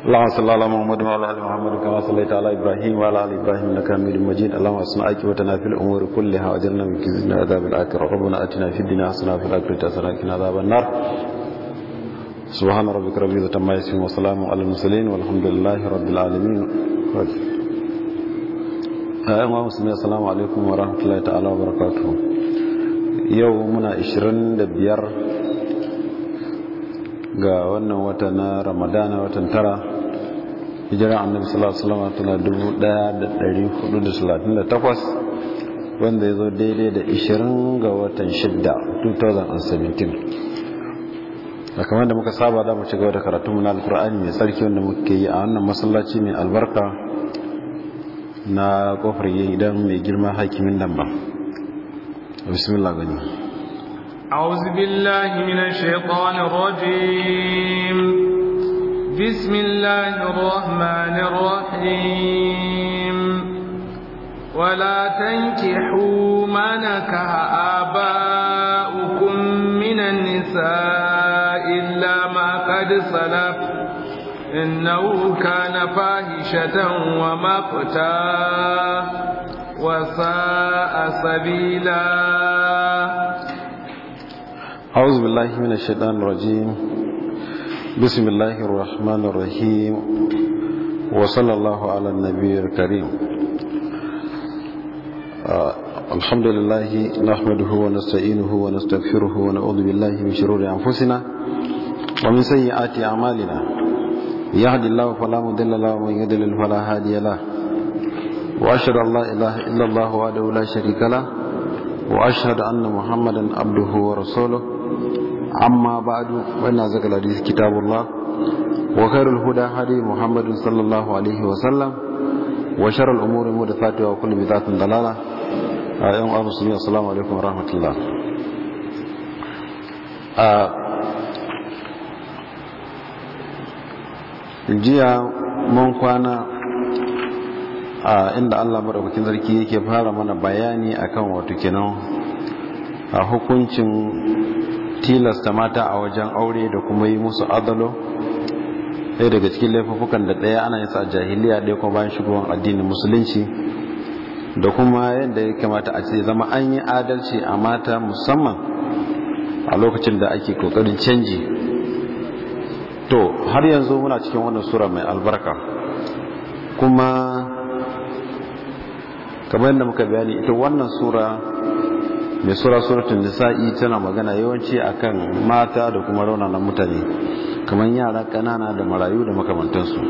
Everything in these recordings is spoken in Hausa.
اللهم صل على محمد وعلى ال محمد كما صليت على ابراهيم وعلى ال ابراهيم انك حميد مجيد اللهم اصنع عاقبتنا في الامور كلها واجعلنا من كيزنا عذاب الاخره ربنا اتنا في الدنيا حسنه وفي الاخره حسنه وقنا عذاب النار سبحان ربك رب العزه عما يصفون وسلام على المرسلين والحمد لله رب العالمين ayyuka musulmi assalamu alaikum wa rahmatullahi ta'ala wa barakatuhu yau muna 25 ga wannan wata na ramadana watan tara hijira annabi sallallahu alaihi wasallam tana wanda ya zo daidai da ishirin ga watan shida 2017 da kamar da muka saba za mu ci gaba da karatun mu na alkur'ani mai tsarki wanda muke yi a wannan masallaci mai albarka na kofar gidan mai girma hakimin nan ba bismillah gani أعوذ بالله من الشيطان الرجيم بسم الله الرحمن الرحيم ولا تنكحوا ما نكح آباؤكم من النساء إلا ما قد سلف إنه كان فاحشة ومقتا وساء سبيلا أعوذ بالله من الشيطان الرجيم بسم الله الرحمن الرحيم وصلى الله على النبي الكريم آه الحمد لله نحمده ونستعينه ونستغفره ونعوذ بالله من شرور أنفسنا ومن سيئات أعمالنا يهد الله فلا مضل له ومن يضلل فلا هادي له وأشهد أن لا إله إلا الله وحده لا شريك له وأشهد أن محمدا عبده ورسوله أما بعد وإن أزكى الحديث كتاب الله وخير الهدى هدي محمد صلى الله عليه وسلم وشر الأمور محدثاتها وكل بدعة ضلالة يوم أبو سمية السلام عليكم ورحمة الله jiya mun kwana a inda Allah maɗaukakin sarki yake fara mana bayani akan wato kenan a hukuncin tilasta mata a wajen aure da kuma yi musu adalo ɗaya daga cikin laifukan da ɗaya ana yasa jahiliya ɗaya kuma bayan shigowar addinin musulunci da kuma yadda ya kamata a ce zama an yi adalci a mata musamman a lokacin da ake kokarin canji to har yanzu muna cikin wannan sura mai albarka kuma kamar yadda muka bayani ita wannan sura mai sura suratun nisa'i tana magana yawanci akan mata da kuma na mutane kamar yara kanana da marayu da makamantansu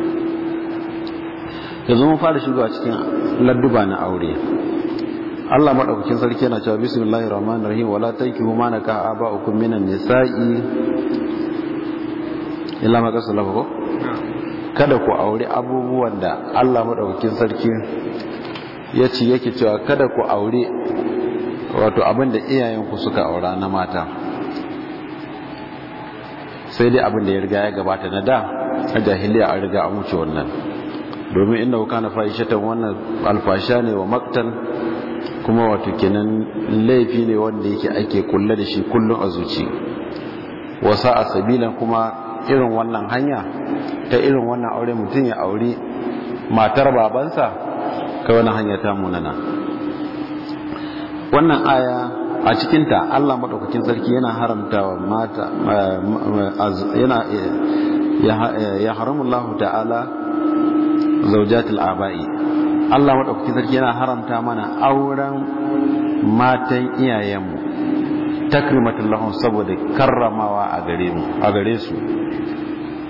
yanzu mun fara shigowa cikin ladduba na aure Allah madaukakin sarki yana cewa bismillahi rahmanir rahim wala tankihu ma naka aba'ukum minan nisa'i illa ma ko kada ku aure abubuwan da Allah maɗaukin sarki ya ce yake cewa kada ku aure wato abinda iyayenku suka aura na mata sai dai abin da ya riga ya gabata na da a jahiliya a riga an wuce wannan domin inda wuka na fahishatan wannan alfasha ne wa maktan kuma wato kenan laifi ne wanda yake ake kulle da shi kullum a zuci wasa a sabilan kuma irin wannan hanya ta irin wannan aure mutum ya auri matar babansa kai wani hanya ta munana wannan aya a cikinta Allah madaukakin sarki yana haramtawa mata eh, yana eh, ya eh, haramu Allah ta'ala zawjatul aba'i Allah madaukakin sarki yana haramta mana auren matan iyayenmu takrimatul lahum saboda karramawa a gare mu a gare su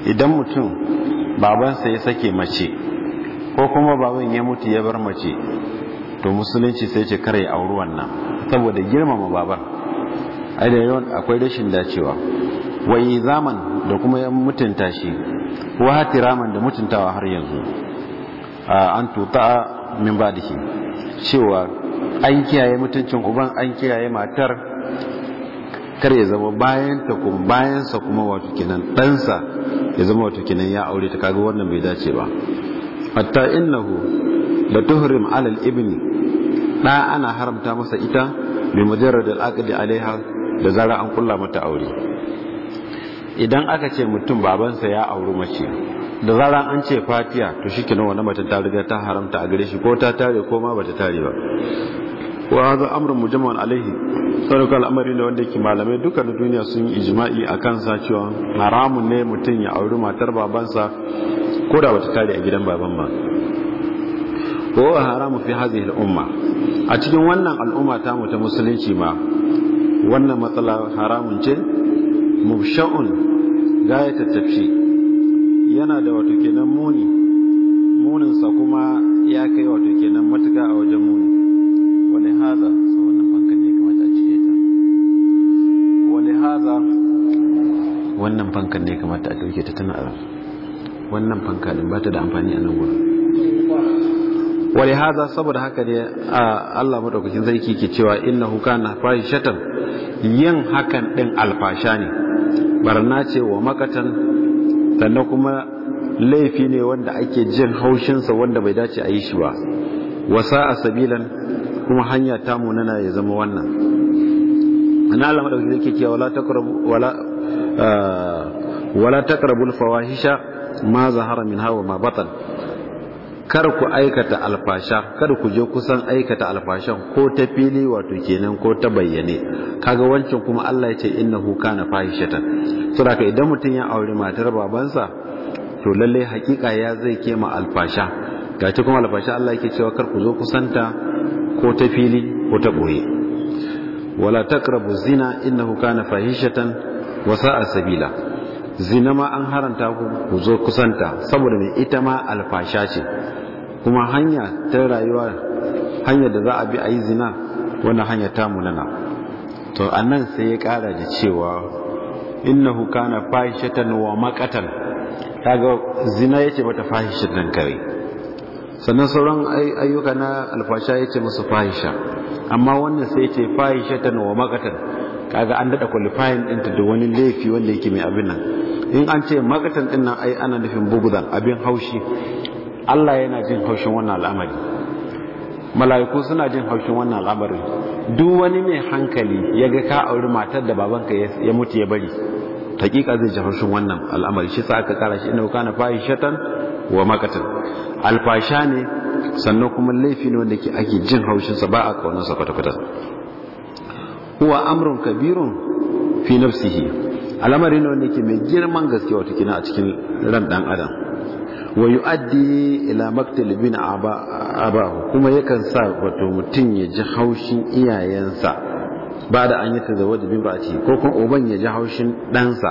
idan mutum babansa ya sake mace ko kuma baban ya mutu ya bar mace to musulunci sai ce kare auri wannan saboda girmama babar ai da yawan akwai rashin dacewa wai zaman da kuma ya mutunta shi wa raman da mutuntawa har yanzu an tuta min shi cewa an kiyaye mutuncin uban an kiyaye matar kar ya zama bayan ta kuma sa kuma wato kinan ɗansa ya zama wato kinan ya aure ta kaga wannan bai dace ba hatta innahu la tuhrim alal ibni ɗa ana haramta masa ita bi mujarrad al-aqdi alaiha da zara an kulla mata aure idan aka ce mutum babansa ya auri mace da zara an ce fatiya to shikenan wannan mata ta riga ta haramta a gare shi ko ta tare ko ma bata tare ba wa hadha amrun mujamman alaihi sarka al'amari ne wanda yake malamai duka na duniya sun yi ijma'i akan sa cewa haramun ne mutum ya auri matar babansa ko da bata tare a gidan baban ba ko haramu fi hadhihi al-umma a cikin wannan al'umma ta mu ta musulunci ma wannan matsala haramun ce mubsha'un gayat tafshi yana da wato kenan muni munin sa kuma ya kai wato kenan matuka a wajen muni wani haza wannan fankan ne kamata a cire wani haza wannan fankan ne kamata a dauke ta tana wannan fanka din ba ta da amfani a nan gurin wale haza saboda haka ne a Allah maɗaukakin sarki ke cewa inna huka na shatan yin hakan ɗin alfasha ne barna ce wa makatan sannan kuma laifi ne wanda ake jin haushinsa wanda bai dace a yi shi ba wasa a sabilan kuma hanya ta munana ya zama wannan na Allah maɗaukakin sarki ke wala taqrabu fawahisha ma zahara min hawa ma batan kar ku aikata alfasha kar ku je kusan aikata alfashan ko ta fili wato kenan ko ta bayyane kaga wancan kuma Allah ya ce innahu kana fahishatan saboda idan mutum ya aure matar babansa to lalle hakika ya zai kema alfasha ta kuma alfasha Allah yake cewa kar ku zo kusanta ko ta fili ko ta boye wala taqrabu zina innahu kana fahishatan wa sa'a sabila zina ma an haranta ku ku zo kusanta saboda mai ita ma alfasha ce kuma hanya ta rayuwa hanyar da za a bi a yi zina wannan hanya ta munana to a nan sai ya kara da cewa innahu hukana fahishatan wa ta ga zina ya ce mata nan kare sannan sauran ayyuka na alfasha ce musu fahisha amma wannan sai ce fahishatan wa maqatan kaga an dada kwalifayin ɗinta da wani laifi wanda yake mai abin nan in an ce makatan ɗin nan ai ana nufin bugudan abin haushi Allah yana jin haushin wannan al'amari mala'iku suna jin haushin wannan al'amari duk wani mai hankali ya ga ka auri matar da babanka ya mutu ya bari hakika zai ji haushin wannan al'amari shi sa aka kara shi inna kana fahishatan wa makatan alfasha ne sannan kuma laifi ne wanda ake jin haushin sa ba a kaunar sa kwata-kwata huwa amrun kabirun fi nafsihi al'amari ne wanda yake mai girman gaske wata kina a cikin ran dan adam wa yu'addi ila maktal bin Aba kuma yakan sa wato mutum ya ji haushin iyayensa ba da an yi tazawwaj bi ra'ati ko kuma uban ya ji haushin ɗansa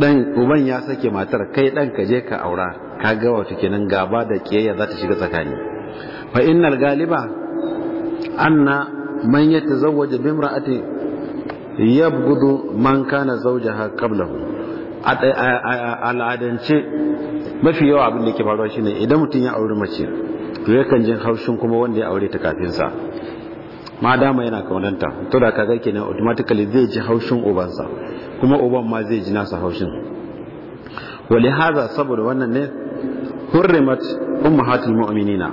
dan uban ya sake matar kai dan ka je ka aura ka ga wato kenan gaba da kiyayya za ta shiga tsakani fa innal galiba anna man yatazawwaju bi imra'ati yabghudu man kana zawjaha qablahu al'adance mafi yawa abin da ke faruwa shine idan mutum ya auri mace to yakan jin haushin kuma wanda ya aure ta kafin sa ma dama yana kaunanta to da kaga kenan automatically zai ji haushin ubansa kuma uban ma zai ji nasa haushin wali haza saboda wannan ne hurrimat ummahatul mu'minina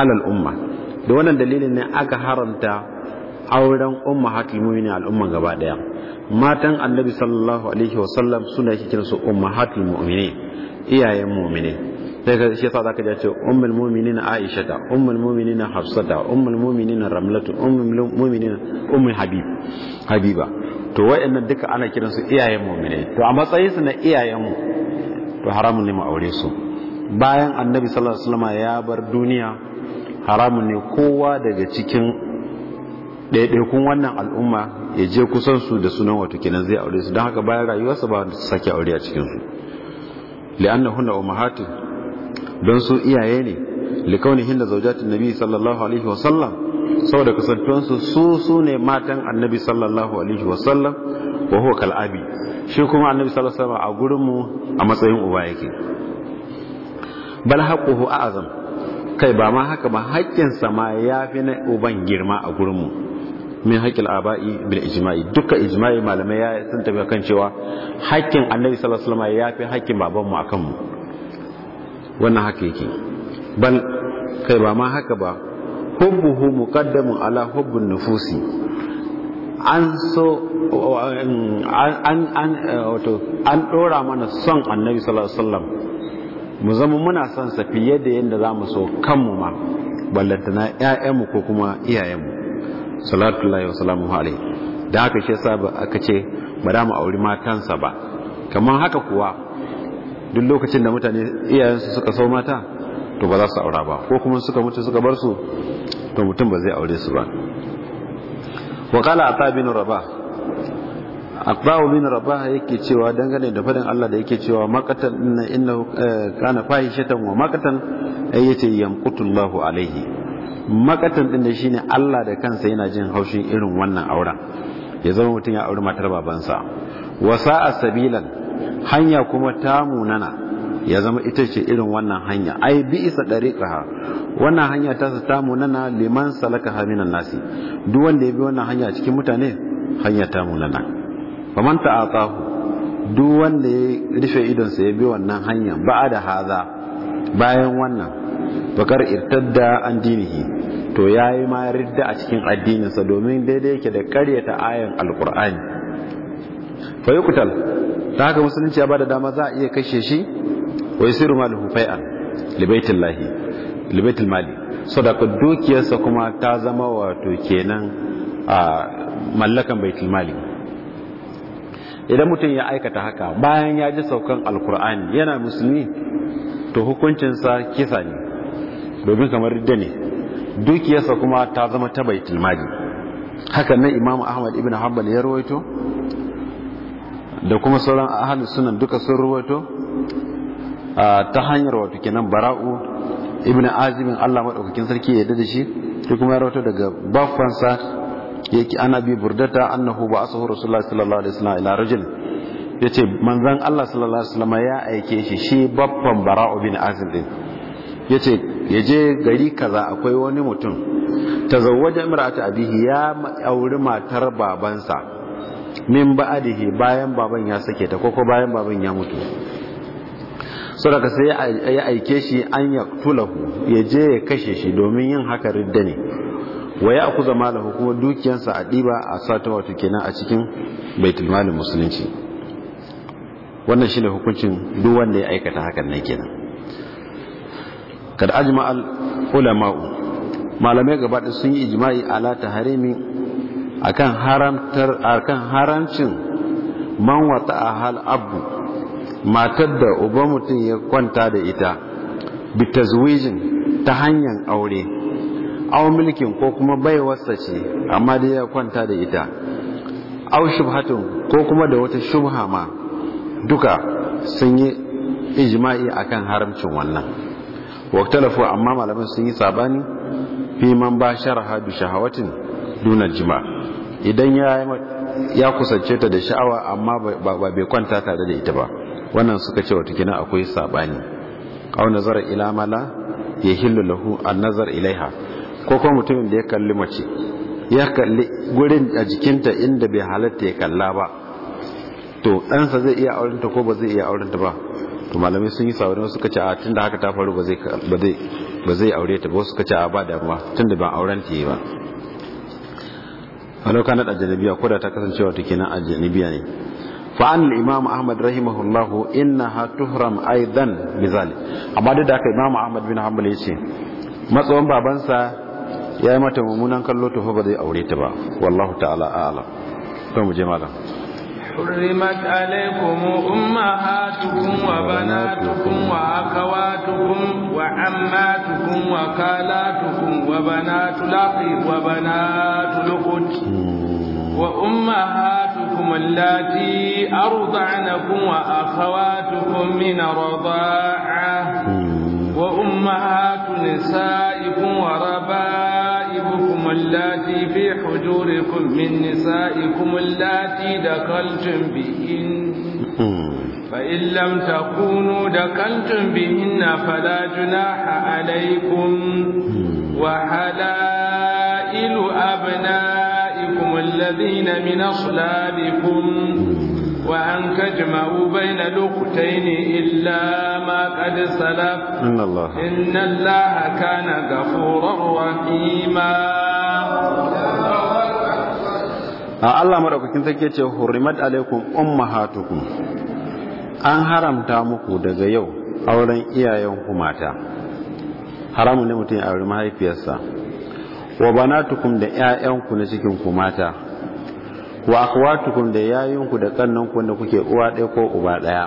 alal umma da wannan dalilin ne aka haramta auren umma hatul mu'minin al'umma gaba daya matan annabi sallallahu alaihi wasallam suna yake kiransu umma hatul mu'minin iyayen mu'minin sai ka shi yasa zaka ji ce ummul mu'minina aisha ta ummul hafsa ta ummul mu'minina ramlatu ummul mu'minina ummu habib habiba to wayannan duka ana kiransu iyayen mu'mini to a matsayin su na iyayen mu to haramun ne mu aure su bayan annabi sallallahu alaihi wasallam ya bar duniya haramun ne kowa daga cikin ɗaiɗaikun wannan al'umma ya je kusansu da sunan wato kenan zai aure su don haka baya rayuwarsa ba su sake aure a cikinsu li'anna hunna ummahati don su iyaye ne likauni hinda zaujatin nabi sallallahu alaihi wasallam saboda kasantuwansu su su ne matan annabi sallallahu alaihi wasallam wa huwa kal'abi shi kuma annabi sallallahu alaihi wasallam a gurinmu a matsayin uba yake bal haqquhu a'zam kai ba ma haka ba haƙƙinsa ma ya fi na uban girma a gurinmu min haƙƙil aba'i bil ijma'i duka ijma'i malamai ya sun tafi kan cewa haƙƙin annabi sallallahu alaihi wasallam ya fi haƙƙin babanmu akan mu wannan haƙƙi yake ban kai ba ma haka ba hubbuhu muqaddamun ala hubbun nufusi an so um, an an uh, wato an dora mana son annabi sallallahu alaihi wasallam mu zama muna son sa fiye da yadda zamu so kanmu ma ballantana ƴaƴanmu ko kuma iyayenmu salatullahi wa salamu alai da haka shi yasa ba aka ce ba da mu auri matansa ba kamar haka kuwa duk lokacin da mutane iyayensu suka sau mata to ba za su aura ba ko kuma suka mutu suka bar su to mutum ba zai aure su ba wa qala ata bin rabah ata bin rabah yake cewa dangane da fadin Allah da yake cewa makatan inna innahu eh, kana fahishatan wa makatan ayyace yamqutullahu alaihi makatan din da shine Allah da kansa yana jin haushin irin wannan auren ya zama mutum ya auri matar babansa wasa a sabilan hanya kuma ta munana ya zama ita ce irin wannan hanya ai bi isa dariqaha wannan hanya ta ta munana liman salaka haminan nasi duk wanda ya bi wannan hanya cikin mutane hanya ta munana faman ta'atahu duk wanda ya rufe idonsa ya bi wannan hanya ba'a da haza bayan wannan bakar irtadda an dinihi to ya yi ma ridda a cikin addininsa domin daidai yake da karyata ayan alkur'ani fa kutal, ta haka musulunci ya ba da dama za a iya kashe shi wa yusiru maluhu fai'an lahi libaitil mali sadaka dukiyarsa kuma ta zama wato kenan a mallakan baitul mali idan mutum ya aikata haka bayan ya ji saukan alkur'ani yana musulmi to hukuncinsa kisa ne domin kamar da ne dukiyarsa kuma ta zama ta baitul mali hakan nan imamu ahmad ibn hanbal ya rawaito da kuma sauran ahli sunan duka sun rawaito ta hanyar wato kenan bara'u ibn azibin Allah madaukakin sarki ya da shi sai kuma ya rawaito daga baffansa yake ana bi burdata annahu ba asahu rasulullahi sallallahu alaihi wasallam ila rajul yace manzon Allah sallallahu alaihi wasallam ya aike shi shi baffan bara'u bin azib din yace ya je gari kaza akwai wani mutum ta tazawwaja imra'atu abihi ya auri matar babansa min ba'adihi bayan baban ya sake ta koko bayan baban ya mutu daga sai ya aike shi an yaktulahu ya je ya kashe shi domin yin haka ridda ne wa ya zama malahu kuma dukiyansa a ɗiba a sata wato kenan a cikin baitulmalin musulunci wannan shi shine hukuncin duk wanda ya aikata hakan na kenan kad ajma al ulama'u malamai gaba da sun yi ijma'i ala taharimi akan haramtar akan haramcin man wata ahal abu matar da uba mutum ya kwanta da ita bitazwijin ta hanyar aure aw mulkin ko kuma bai baiwarsa ce amma dai ya kwanta da ita aw shubhatun ko kuma da wata shubha ma duka sun yi ijma'i akan haramcin wannan waktalafu amma malaman sun yi sabani fi man ba sharaha bi shahawatin duna jima'a. idan ya kusance ta da sha'awa amma ba bai kwanta tare da ita ba wannan suka ce wata kina akwai sabani aw nazara ila mala yahillu lahu an nazar ilaiha ko kuma mutumin da ya kalli mace ya kalli gurin a jikinta inda bai halatta ya kalla ba to ɗansa zai iya aurenta ko ba zai iya aurenta ba to malamai sun yi saurin suka ce a tun da haka ta faru ba zai aure ta ba suka ce a ba damuwa tun da ban auren ta yi ba a lokacin da ajanabiya ko da ta kasancewa nan a ajanabiya ne fa'an imam ahmad rahimahullahu inna ha tuhram aidan misali. amma duk da aka imam ahmad bin hanbal ya ce matsawan babansa ya yi mata mummunan kallo tuhu ba zai aure ta ba wallahu ta'ala a'ala malam حرمت عليكم أمهاتكم وبناتكم وأخواتكم وعماتكم وكالاتكم وبنات لقي وبنات لقد وأمهاتكم التي أرضعنكم وأخواتكم من الرضاعة وأمهات نسائكم وربائكم أمهاتكم اللاتي في حجوركم من نسائكم اللاتي دخلتم بهن فإن لم تكونوا دخلتم بهن فلا جناح عليكم وحلائل أبنائكم الذين من أصلابكم وأن تجمعوا بين الأختين إلا ما قد سلف إن الله, إن الله كان غفورا رحيما a Allah madaukakin sarki ce hurrimat alaikum ummahatukum an haramta muku daga yau auren ku mata haramun ne mutum ya auri mahaifiyarsa wa banatukum da 'ya'yanku na cikin ku mata wa akhwatukum da ku da kannanku da kuke uwa ɗaya ko uba ɗaya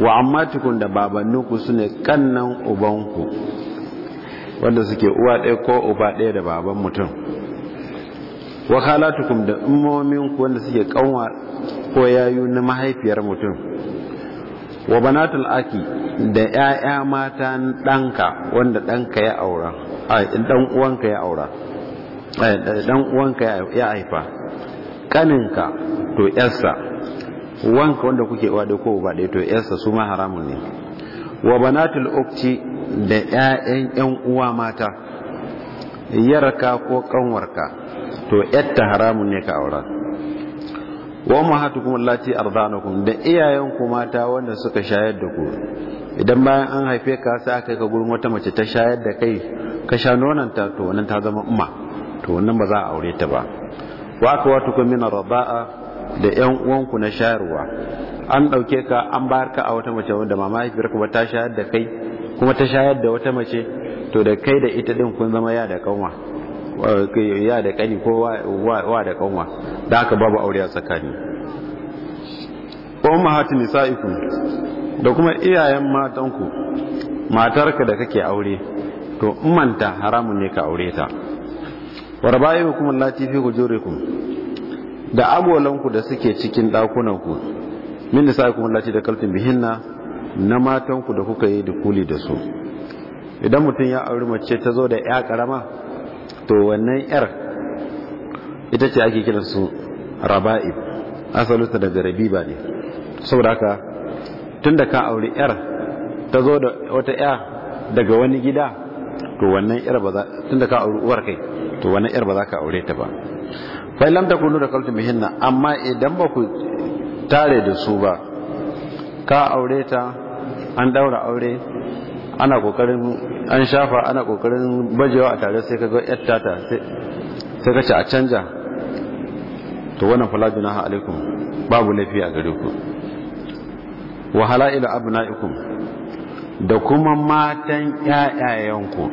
wa ammatukum da babanninku sune kannan ubanku wanda suke uwa ɗaya ko uba ɗaya da baban mutum wa khalatukum da ummomin ku wanda suke kanwa ko yayu na mahaifiyar mutum wa banatul aki da ƴaƴa mata ɗanka wanda ɗanka ya aura ai dan uwanka ya aura ai dan uwanka ya haifa kaninka to yarsa wanka wanda kuke uwa da ko uba ɗaya to yarsa su ma haramun ne wa banatul ukti da 'ya'yan 'yan uwa mata yarka ko kanwarka to yatta haramun ne ka aura wa mahatukum allati ardanakum da iyayenku mata wanda suka shayar da ku idan bayan an haife ka sai aka ka gurin wata mace ta shayar da kai ka sha ta to wannan ta zama umma to wannan ba za a aure ta ba wa ka wata kun mina raba'a da yan uwanku na shayarwa an ɗauke ka an bayar ka a wata mace wanda mama mahaifiyarka ba ta shayar da kai kuma ta shayar da wata mace to da kai da ita din kun zama ya da kanwa ya da kani ko wa da kanwa da aka babu aure a tsakani ummahatu nisaikum da kuma iyayen matanku matarka da kake aure to manta haramun ne ka aure ta warba'ikum lati fi hujurikum da abolanku da suke cikin dakunanku min nisaikum lati da kaltun bihinna na matanku da kuka yi da kuli da su idan mutum ya auri mace ta zo da ya karama to wannan yar ita ce ake kiran su raba'i asalinsa daga ba ne saboda haka tun da ka auri yar ta zo da wata ya daga wani gida to wannan yar ba za tun da ka auri uwar kai to wannan yar ba za ka aure ta ba fa'ilam ta takunu da kaltu mihinna amma idan ba ku tare da su ba ka aure ta an daura aure ana kokarin an shafa ana kokarin bajewa a tare sai kaga yar tata sai kace a canja to wannan fala junaha alaikum babu laifi a gare ku wa halailu abnaikum da kuma matan ƴaƴayenku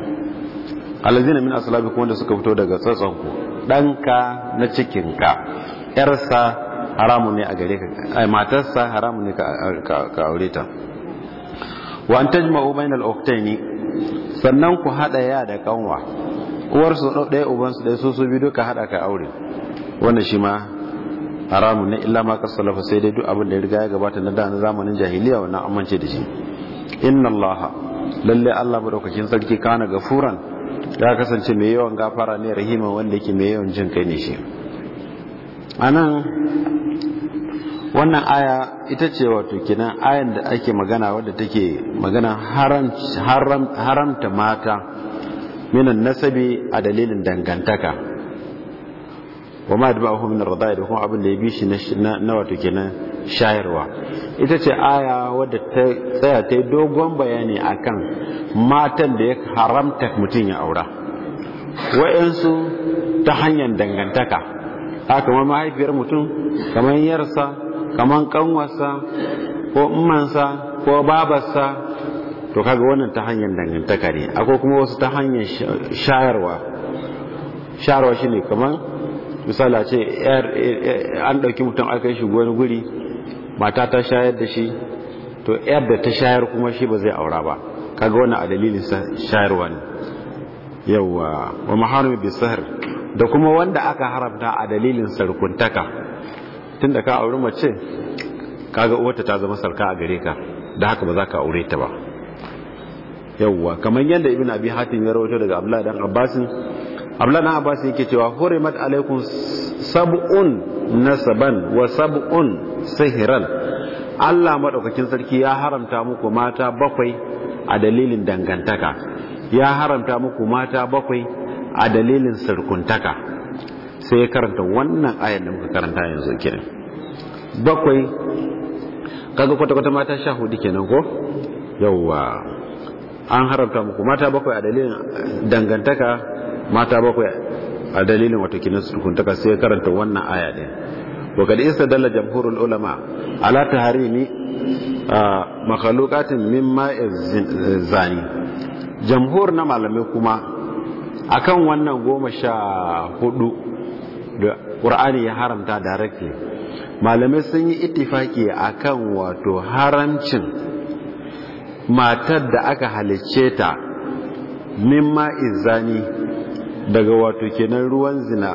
alazina min aslabikum wanda suka fito daga tsatsanku danka na cikinka yarsa haramun ne a gare ka matarsa haramun ne ka aure ta wa an tajma'u bainal uktaini sannan ku hada ya da kanwa su ɗaya ubansu ɗaya su su bi duka hada ka aure wannan shi ma haramun ne illa ma kasalafa sai dai duk abin da ya riga ya gabata na da zamanin jahiliya wannan amince da shi inna allaha lalle allah madaukakin sarki kana gafuran ya kasance mai yawan gafara ne rahiman wanda yake mai yawan jin kai ne shi anan wannan aya ita ce wato kenan ayan da ake magana wadda take magana haramta mata minan nasabi a dalilin dangantaka wa ma da ba'ahu min radai da kuma abin da ya bi shi na wato kenan shayarwa ita ce aya wadda ta tsaya ta yi dogon bayani akan matan da ya haramta mutum ya aura wa'yansu ta hanyar dangantaka a kamar mahaifiyar mutum kamar yarsa kamar kanwarsa ko ummansa ko babarsa to kaga wannan ta hanyar dangantaka ne akwai kuma wasu ta hanyar shayarwa shayarwa shi ne kamar misali ce an ɗauki mutum aka shi wani guri mata ta shayar da shi to yar da ta shayar kuma shi ba zai aura ba kaga wannan a dalilin shayarwa ne yawwa wa bisahar da kuma wanda aka haramta a dalilin sarkuntaka tun da ka auri mace kaga uwarta ta zama sarka a gare ka da haka ba za ka aure ta ba yawwa kamar yadda ibn abi hatim ya rawaito daga abdullahi dan abbasin abdullahi dan abbas yake cewa hurimat alaikum sab'un nasaban wa sab'un sihiran Allah madaukakin sarki ya haramta muku mata bakwai a dalilin dangantaka ya haramta muku mata bakwai a dalilin sarkuntaka sai karanta wannan ayan da muka karanta yanzu kenan bakwai kaga kwata-kwata mata sha hudu kenan ko Yauwa. an haramta muku mata bakwai a dalilin dangantaka mata bakwai a dalilin wato sarkuntaka sai karanta wannan aya din ulama. استدل جمهور العلماء على a makalukatin mimma zani jamhur na malamai kuma akan wannan goma sha hudu da ƙur'ani ya haramta da directly malamai sun yi itifaki a kan wato haramcin matar da aka halicce ta mimma izani daga wato kenan ruwan zina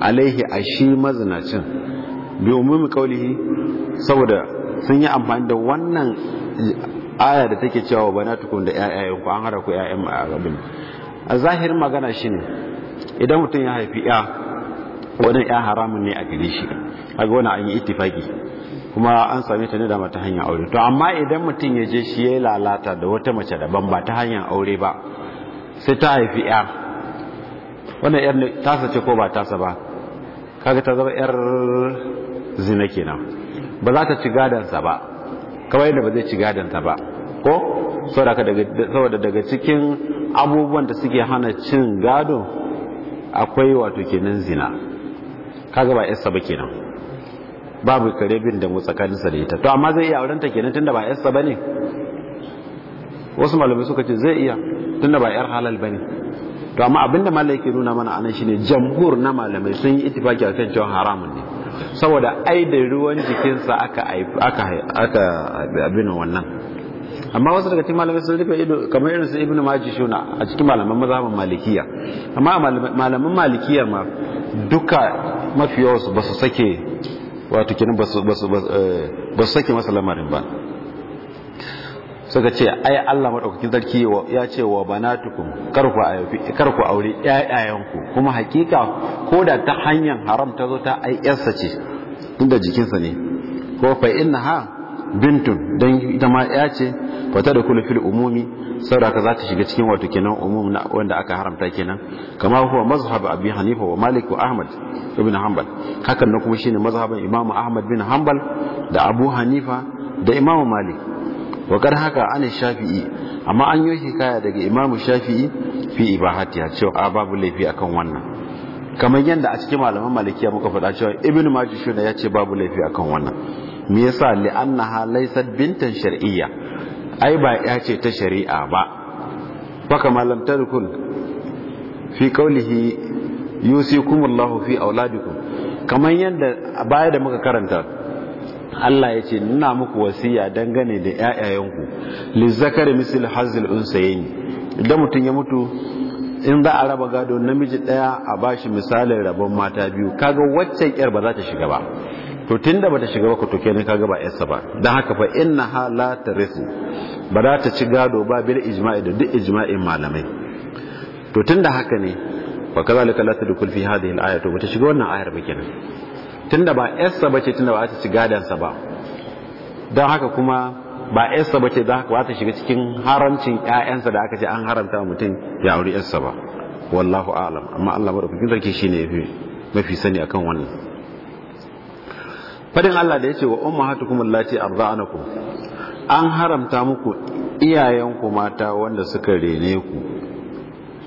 alaihi a shi mazinacin domin kaulihi saboda sun yi amfani da wannan aya da take cewa bana tukun da ku an hara ku 'ya'yan abin a zahirin magana shine idan mutum ya haifi ya wani ya haramun ne a gari shi ga wani an yi kuma an sami ta ne da mata hanyar aure to amma idan mutum ya je shi ya lalata da wata mace daban ba ta hanyar aure ba sai ta haifi ya wani yar tasa ce ko ba tasa ba kaga ta zama yar zina kenan ba za ta ci gadansa ba kawai da ba zai ci gadonsa ba ko saboda daga cikin abubuwan da suke hana cin gado akwai wato kenan zina kaga ba yarsa ba kenan babu kare bin da mu tsakaninsa da ita to amma zai iya auren ta kenan tunda ba yarsa ba ne wasu malamai suka ce zai iya tunda ba yar halal bane to amma abinda malai yake nuna mana anan shine jamhur na malamai sun yi a kan cewa haramun ne saboda ai da ruwan jikinsa aka aka aka abin wannan amma wasu daga cikin malamai sun rufe ido kamar irin su ibnu maji shuna a cikin malaman mazhaban malikiya amma malaman malikiya ma duka mafi yawa ba su sake wato kenan eh, ba su sake masa lamarin ba suka ce ai Allah madaukakin sarki ya ce wa banatukum karku karku aure yayayanku kuma hakika ko da ta hanyar haram ta zo ta ai yarsa ce tunda jikinsa ne ko fa innaha bintun don ita ma ya ce fata da kula fil umumi saboda za ta shiga cikin wato kenan umum wanda aka haramta kenan kama huwa mazhab abi hanifa wa malik wa ahmad ibn hanbal hakan na kuma shine mazhaban imamu ahmad bin hanbal da abu hanifa da imamu malik wa kar haka an shafi'i amma an yi hikaya daga imamu shafi'i fi ibahatiya cewa a babu laifi akan wannan kamar yadda a cikin malaman malikiya muka faɗa cewa ibn majishuna ya ce babu laifi akan wannan me yasa li'annaha laysat bintan shar'iyya ai ba ya ce ta shari'a ba fa kama lam tadkul fi qawlihi yusikumullahu fi auladikum kaman yadda baya da muka karanta Allah ya ce nuna muku wasiya dangane da ƴaƴayenku zakari misl hazil unsayin idan mutum ya mutu in za a raba gado namiji ɗaya a bashi misalin rabon mata biyu kaga waccan yar ba za ta shiga ba to tunda bata shiga ba to kenan kaga ba yarsa ba dan haka fa ha la tarisu ba za ta ci gado ba bil ijma'i da duk ijma'in malamai to tunda haka ne fa kazalika la tadkhul fi hadhihi al aya to bata shiga wannan ayar ba kenan tunda ba yarsa bace tunda ba ta ci gadan sa ba dan haka kuma ba yarsa bace da haka ba ta shiga cikin haramcin ƴaƴansa da aka ce an haramta mutum ya auri yarsa ba wallahu a'lam amma Allah madaukakin sarki shine yafi mafi sani akan wannan fadin Allah da ya ce wa ummahatukum allati ku. an haramta muku iyayenku mata wanda suka rene ku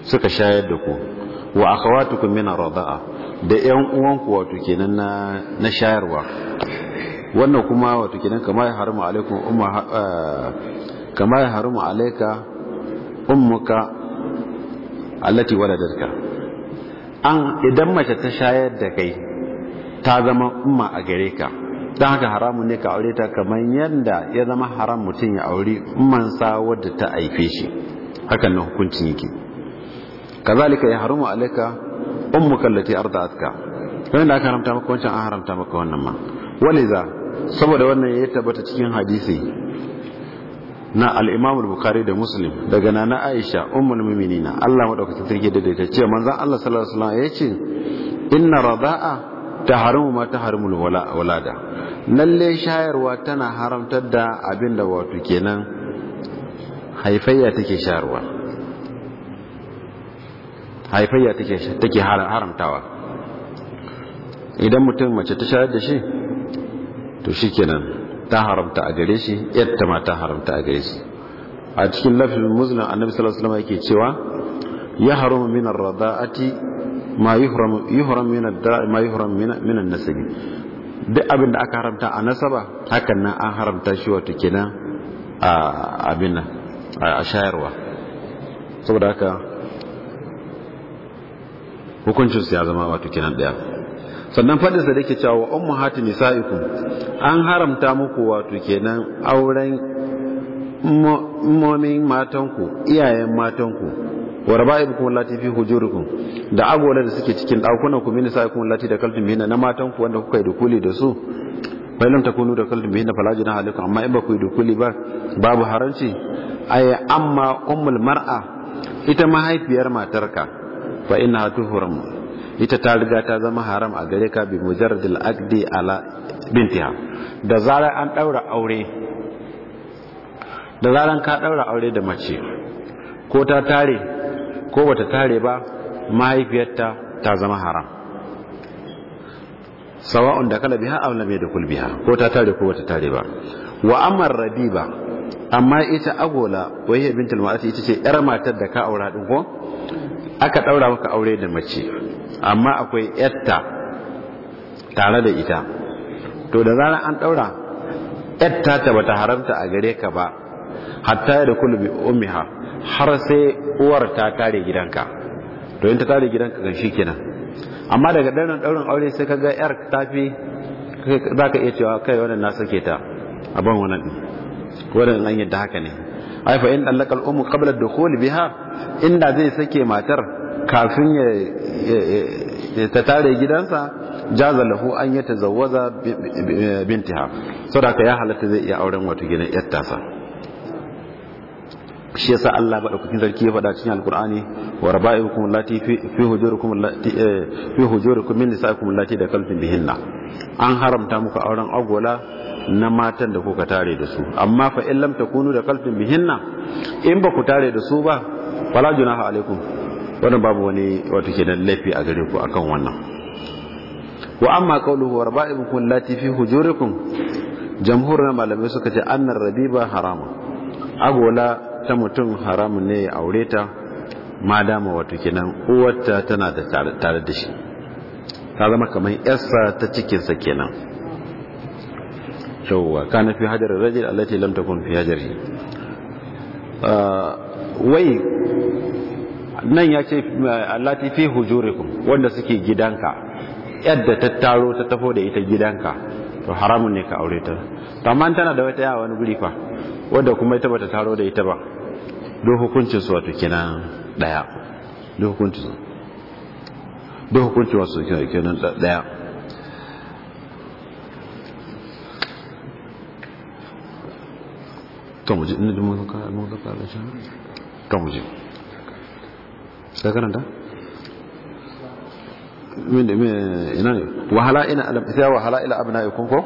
suka shayar da ku wa akhawatukum min arda'a da ƴan uwanku wato kenan na na shayarwa wannan kuma wato kenan kama ya haramu alaikum umma eh, kama ya haramu alayka ummuka allati waladatka an idan mace ta shayar da kai ta zama umma a gare ka don haka haramun ne ka aure ta kamar yadda ya zama haram mutum ya aure sa wadda ta haife shi hakan na hukuncin yake kazalika ya haramu alaika kallati allati atka wani da aka haramta maka wancan an haramta maka wannan ma waliza saboda wannan ya tabbata cikin hadisi na al'imamul bukari da muslim daga nana aisha umar na allah maɗaukacin sarki da ta manzan allah sallallahu alaihi wasallam ya ce inna rada'a ta haramu ma ta haramu walada lalle shayarwa tana haramtar da abin da wato kenan haifayya take shayarwa haifayya take haramtawa idan mutum mace ta shayar da shi to shi kenan ta haramta a gare shi yadda ma ta haramta a gare shi a cikin lafin musulun annabi sallallahu alaihi wasallam yake cewa ya haramu min ar-rada'ati ma yuhram yuhram min ad-dara'i ma yuhram min an-nasab duk abin da aka haramta a nasaba hakan nan an haramta shi wato kenan a abin nan a shayarwa saboda haka hukuncin su ya zama wato kenan daya sannan fadin sa dake cewa ummahatu nisaikum an haramta muku wato kenan auren mumin matanku iyayen matanku wa raba'ibukum allati fi hujurikum da agola da suke cikin dakunan ku min sa'ikum allati da kaltum bihinna na matan ku wanda kuka yi dukuli da su fa lam takunu da kaltum bihinna fala jina alaikum amma in ba ku yi dukuli ba babu haranci ay amma ummul mar'a ita mahaifiyar matarka fa inna tuhurum ita ta riga ta zama haram a gare ka bi mujarradil aqdi ala bintiha da zarar an daura aure da zarar ka daura aure da mace ko ta tare ko bata tare ba mahaifiyarta ta zama haram sawa'un da kala biha aw lam yadkhul biha ko ta tare ko bata tare ba wa amar rabiba amma ita agola wai hiya bintul ma'ati ita ce yar matar da ka aura din ko aka daura maka aure da mace amma akwai yatta tare da ita to da zarar an daura yatta ta bata haramta a gare ka ba hatta da bi ummiha har sai uwar ta tare gidanka yin ta tare gidanka shi kenan amma daga ɗaurin ɗaurin aure sai ka ga yar tafi za ka iya cewa kai wannan na sake ta a ban wannan wannan an yadda haka ne ai fa in dallaka al-ummu qabla dukhul biha inda zai sake matar kafin ya ta tare gidansa jaza lahu an zawwaza bintiha saboda ka ya halatta zai iya auren wato gidan yar tasa shi yasa Allah madaukakin sarki ya faɗa cikin alkur'ani wa raba'ikum allati fi hujurikum allati eh, fi hujurikum min nisaikum allati dakaltum bihinna an haramta muku auren agola na matan da kuka tare da su amma fa in lam takunu dakaltum bihinna in ba ku tare da su ba wala junaha alaikum wannan babu wani wato nan laifi a gare ku akan wannan wa amma qawluhu wa raba'ikum allati fi hujurikum jamhurun na malamai suka ce annar rabiba harama agola ta mutum haramun ne ya aure ta ma dama wato kenan uwarta tana da tare da shi ta zama kamar yarsa ta cikinsa kenan yawwa kana fi hajar rajul allati lam takun fi hajari ah, wai nan ya ce ah, allati fi hujurikum wanda suke gidanka yadda ta taro ta tafo da ita gidanka to haramun ne ka aure ta to amma tana da wata yawa wani guri fa wanda kuma ita bata taro da ita ba do hukuncin su wato kenan daya do hukuncin su do hukuncin wasu kenan daya to mu ji inda mu ka mu ka ka shi to mu ji sai karanta Allah ne wahala ina alam na wahala ila abnaikum ko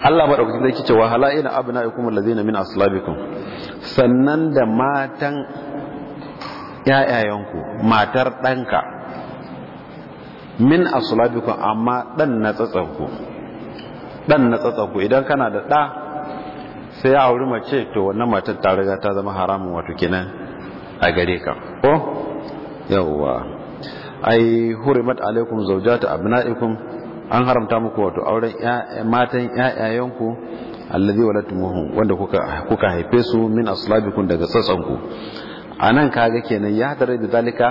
Allah zai kice wahala allazina min aslabikum sannan da matan yayayanku matar danka min aslabikum amma dan na tsatsanku dan na tsatsanku idan kana da da sai ya auri mace to wannan matar ta riga ta zama haramun wato kenan a gare ka ko yawwa ai hurimat alaikum zawjatu abna'ikum an haramta muku wato auren matan ƴaƴayenku allazi walatumuhum wanda kuka kuka haife su min aslabikum daga ku anan kaga kenan ya tare da zalika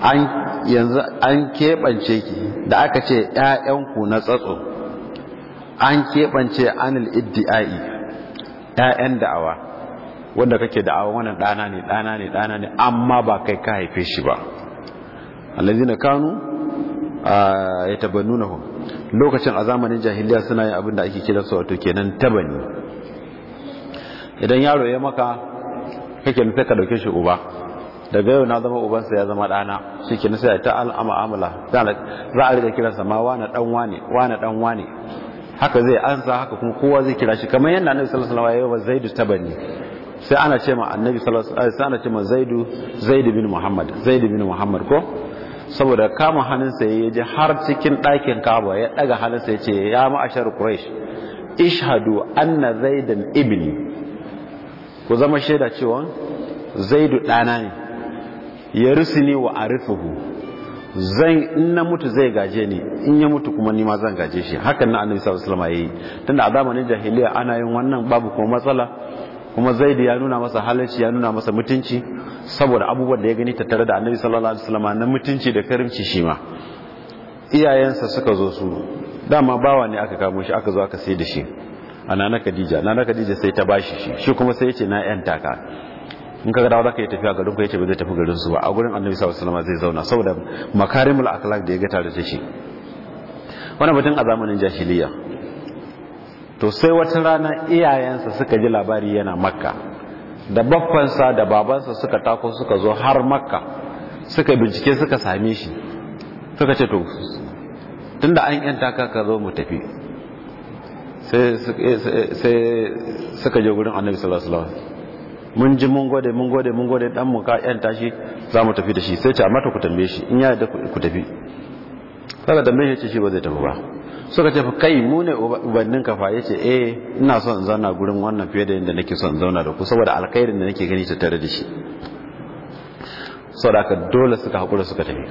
an yanzu an kebance ki da aka ce ‘ya'yanku na tsatso an kebance anil iddi'ai ‘ya'yan da'awa wanda kake awon wannan dana ne dana ne dana ne amma ba kai ka haife shi ba allazina kanu yatabannunahum lokacin a zamanin jahiliya suna yin abin da ake kira su wato kenan tabani idan yaro ya maka kake nufi ka dauke shi uba daga yau na zama ubansa ya zama dana shi ke nasa ta al'amala za a riga kiransa ma wane dan wane wane dan wane haka zai ansa haka kuma kowa zai kira shi kamar yadda annabi sallallahu alaihi wasallam ya yi wa zaidu tabani sai ana ce ma annabi sallallahu alaihi sai zaidu zaidu bin muhammad ko saboda kama hannun sa ya je har cikin ɗakin kaba ya ɗaga sa ya ce ya ma'ashar quraish ishhadu anna zaidan ibni ku zama shaida cewa zaidu ɗana ne ya rusuni wa arifuhu zan in na mutu zai gaje ni in ya mutu kuma nima zan gaje shi hakan na annabi sallallahu alaihi wasallam yayi tunda a zamanin jahiliya ana yin wannan babu kuma matsala kuma zaid ya nuna masa halarci ya nuna masa mutunci saboda abubuwan da ya gani tattare da annabi sallallahu alaihi wasallam na mutunci da karimci shi ma iyayensa suka zo su dama bawa ne aka kamo shi aka zo aka sai da shi a nana khadija nana khadija sai ta bashi shi shi kuma sai ya ce na yan taka in ka dawo zaka yi tafiya garin ku yace ba zai tafi garin su ba a gurin annabi sallallahu alaihi wasallam zai zauna saboda makarimul akhlaq da ya ga tare da shi wannan batun a zamanin jahiliya to sai wata rana iyayensa suka ji labari yana makka da baffansa da babansa suka tako suka zo har makka suka bincike suka same shi suka ce to tunda an yanta ka ka zo mu tafi sai suka je gurin annabi sallallahu alaihi wasallam mun ji mun gode mun gode mun gode dan mu ka yanta shi za mu tafi da shi sai ce amma ku tambaye shi in ya da ku tafi sai tambaye shi ce shi ba zai tafi ba suka ce kai mu ne ubannin kafa ya ce eh ina son in zauna gurin wannan fiye da yadda nake son zauna da ku saboda alkhairin da nake gani ta tare da shi saboda dole suka haƙura suka tafi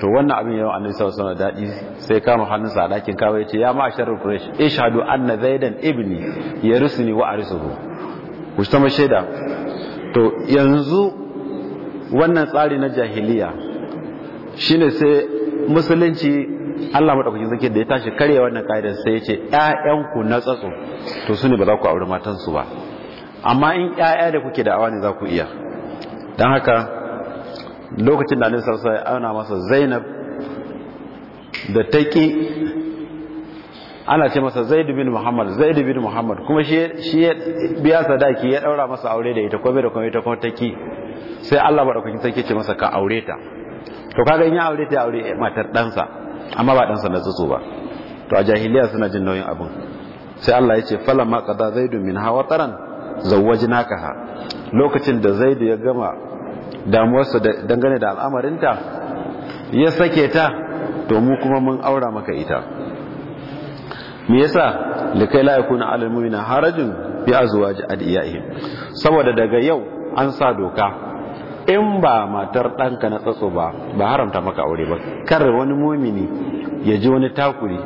to wannan abin yawan annabi sallallahu alaihi daɗi sai kama hannunsa a ɗakin kawai ya ce ya ma quraish ishhadu anna zaidan ibni yarisuni wa arisuhu ku ta shaida to yanzu wannan tsari na jahiliya shine sai musulunci Allah madaukakin sarki da ya tashi karya wannan ka'idar sai ya ce ƴaƴanku na tsatso to su ne ba za ku auri matansu ba amma in ƴaƴa da kuke da'awa ne za ku iya don haka lokacin da annabi sallallahu alaihi ana masa Zainab da taƙi ana ce masa Zaid bin Muhammad Zaid bin Muhammad kuma shi shi ya biya sadaki ya daura masa aure da ita komai da komai ta kuma ki sai Allah madaukakin sarki ce masa ka aure ta to kaga in ya aure ta aure matar ɗansa amma ba ɗansa na tsatso ba to a jahiliya suna jin nauyin abin sai Allah ya ce falan ma qada zaidu min hawa taran zawwajnakaha lokacin da zaidu ya gama damuwarsa dangane da al'amarinta ya sake ta to mu kuma mun aura maka ita me yasa likai la yakuna alal mu'mina harajun bi azwaji adiyaihim saboda daga yau an sa doka in ba matar ɗanka na tsatso ba ba haramta maka aure ba kar wani mumini ya ji wani takuri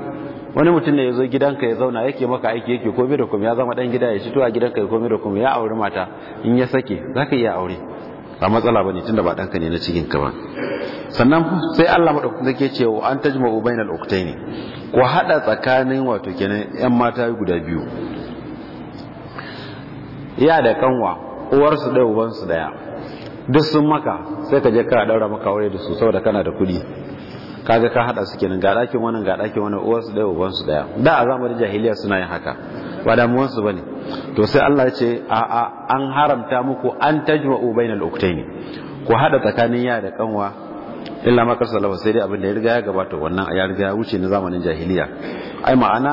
wani mutum ne ya zo gidanka ya zauna yake maka aiki yake komai da komai ya zama dan gida ya shito a gidanka ya komai da komai ya auri mata in ya sake za ka iya aure ba matsala bane tunda ba danka ne na cikin ka ba sannan sai Allah ma zake ce wa an na bainal ne ko haɗa tsakanin wato kenan yan mata guda biyu ya da kanwa uwarsu ɗaya ubansu daya duk sun maka sai ka je ka daura maka aure da su saboda kana da kuɗi kaga ka hada su kenan ga dakin wannan ga dakin wannan uwar su daya uban su daya da a zamanin jahiliya suna yin haka ba damuwan su bane to sai Allah ya ce a a an haramta muku an tajma'u bainal uktaini ku hada tsakanin ya da kanwa illa maka salawa sai dai abin da ya riga ya gabata wannan ya riga ya wuce na zamanin jahiliya ai ma'ana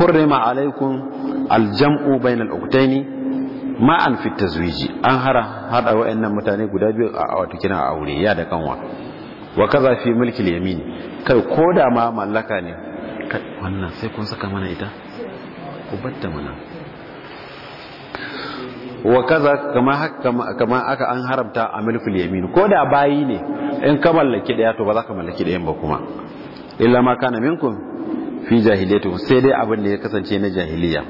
hurrima alaikum aljam'u bainal uktaini ma'an fit tazwiji an hara hada wayannan mutane guda biyu a wato kina aure ya da kanwa wa kaza fi mulkil yamin kai koda ma mallaka ne wannan sai kun saka mana ita ku batta mana wa kaza kama kama aka an haramta a mulkul yamin koda bayi ne in ka mallaki daya to ba za ka mallaki dayan ba kuma illa ma kana minkum fi jahiliyatu sai dai abin da ya kasance na jahiliya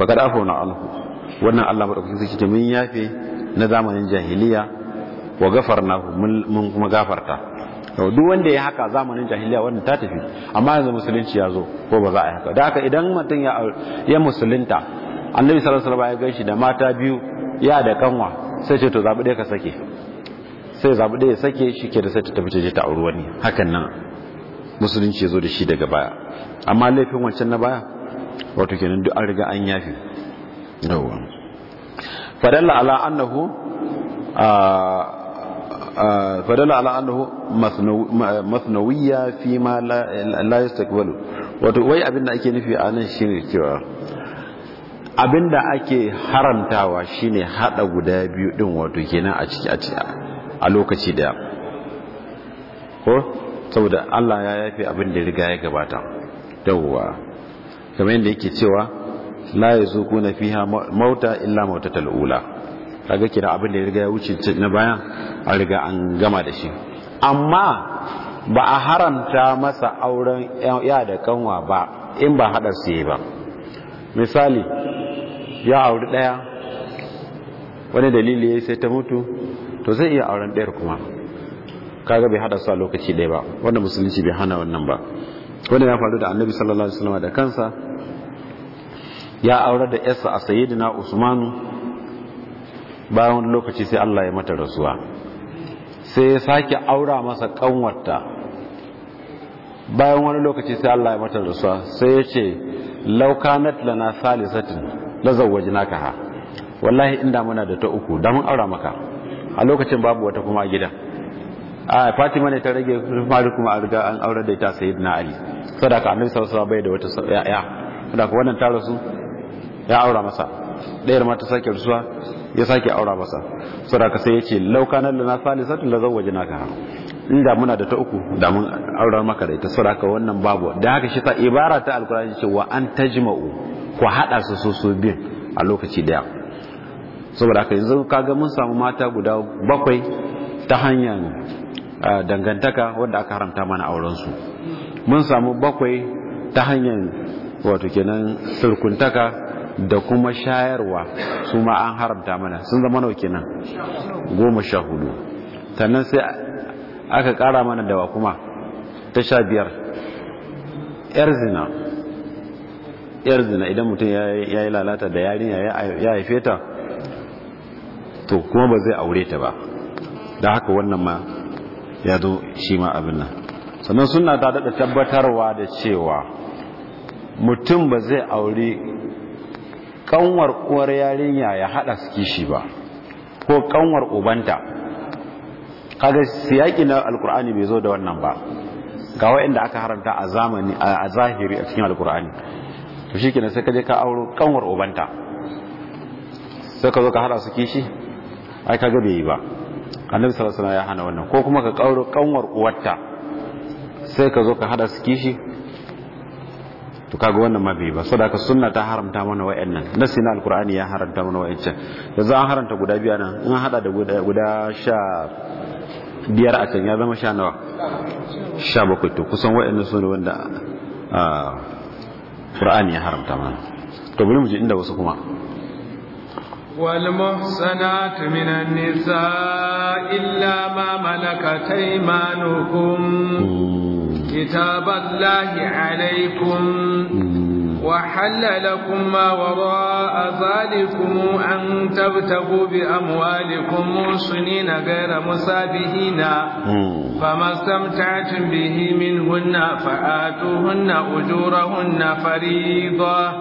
kada afuna anhu wannan Allah madaukakin sarki ta mun yafe na zamanin jahiliya wa gafarnahu mun kuma gafarta duk wanda ya haka zamanin jahiliya wannan ta tafi amma yanzu musulunci ya zo ko ba za a yi haka da haka idan mutum ya musulunta annabi sallallahu alaihi wasallam ya gaishe da mata biyu ya da kanwa sai ce to zabi ɗaya ka sake sai zabi ɗaya sake shi ke da sai ta tafi ta je ta auri wani hakan nan musulunci ya zo da shi daga baya amma laifin wancan na baya wato kenan duk an riga an yafi yawa fadalla ala annahu fadalla ala annahu masnawiyya fi ma la yastaqbalu wato wai abinda ake nufi a nan shine cewa abinda ake harantawa shine hada guda biyu din wato kenan a ciki a lokaci daya ko saboda Allah ya yafi abin da riga ya gabata yawwa kamar yadda yake cewa la fi ha mauta illa mautatal ula kaga kira abin da ya riga ya wuce na baya a riga an gama da shi amma ba a haramta masa auren ya da kanwa ba in ba haɗa su yi ba misali ya auri ɗaya wani dalili ya sai ta mutu to zai iya auren ɗayar kuma kaga bai haɗa su a lokaci ɗaya ba wanda musulunci bai hana wannan ba wanda ya faru da annabi sallallahu alaihi wasallam da kansa ya aure da yarsa a sayidina usmanu bayan wani lokaci sai Allah ya mata rasuwa sai ya sake aura masa kanwarta bayan wani lokaci sai Allah ya mata rasuwa sai ya ce laukanat na salisatin la zawwajnaka ha wallahi inda muna da ta uku damun aura maka a lokacin babu wata kuma a gida. a Fatima ne ta rage Fatima kuma a riga an aure da ita sayidina Ali sadaka annabi sallallahu alaihi wasallam bai da wata ya'ya sadaka wannan ta rasu ya aura masa ɗayar ma ta sake rusuwa ya sake aura masa ka sai ya ce laukanan lana salisatun la ka inda muna da ta uku da mun aurar maka da ita ka wannan babu da haka shi ta ibara ta alkurani ce wa an tajma'u ku haɗa su su su biyu a lokaci daya saboda haka yanzu ka ga mun samu mata guda bakwai ta hanyar dangantaka wanda aka haramta mana auren su mun samu bakwai ta hanyar wato kenan surkuntaka da kuma shayarwa su ma an haramta mana sun zama nauke nan goma sha hudu sannan sai aka kara mana dawa kuma ta sha biyar yar zina yar zina idan mutum ya yi lalata da yarinya ya haife ta to kuma ba zai aure ta ba da haka wannan ma ya zo shi ma abin nan sannan suna ta daɗa tabbatarwa da cewa mutum ba zai aure kanwar uwar yarinya ya hada su kishi ba ko kanwar ubanta kaga siyaki na Alƙur'ani bai zo da wannan ba ga wa'anda aka haramta a zamani a zahiri a cikin alkur'ani to shikenan sai kaje ka auro kanwar ubanta sai ka zo ka hada su kishi ai kaga bai yi ba annabi sallallahu alaihi wasallam ya hana wannan ko kuma ka kauro kanwar uwarta sai ka zo ka hada su kishi to kaga wannan ma bai ba saboda sunna ta haramta mana wayannan nasi na alqur'ani ya haramta mana wayancan yanzu an haramta guda biya nan in hada da guda sha biyar a can ya zama sha nawa sha bakwai to kusan wayannan su ne wanda qur'ani ya haramta mana to bari mu je inda wasu kuma والمحصنات من النساء إلا ما ملكت أيمانكم كتاب الله عليكم وحل لكم ما وراء ذلكم أن تبتغوا بأموالكم محصنين غير مسابهين فما استمتعتم به منهن فآتوهن أجورهن فريضة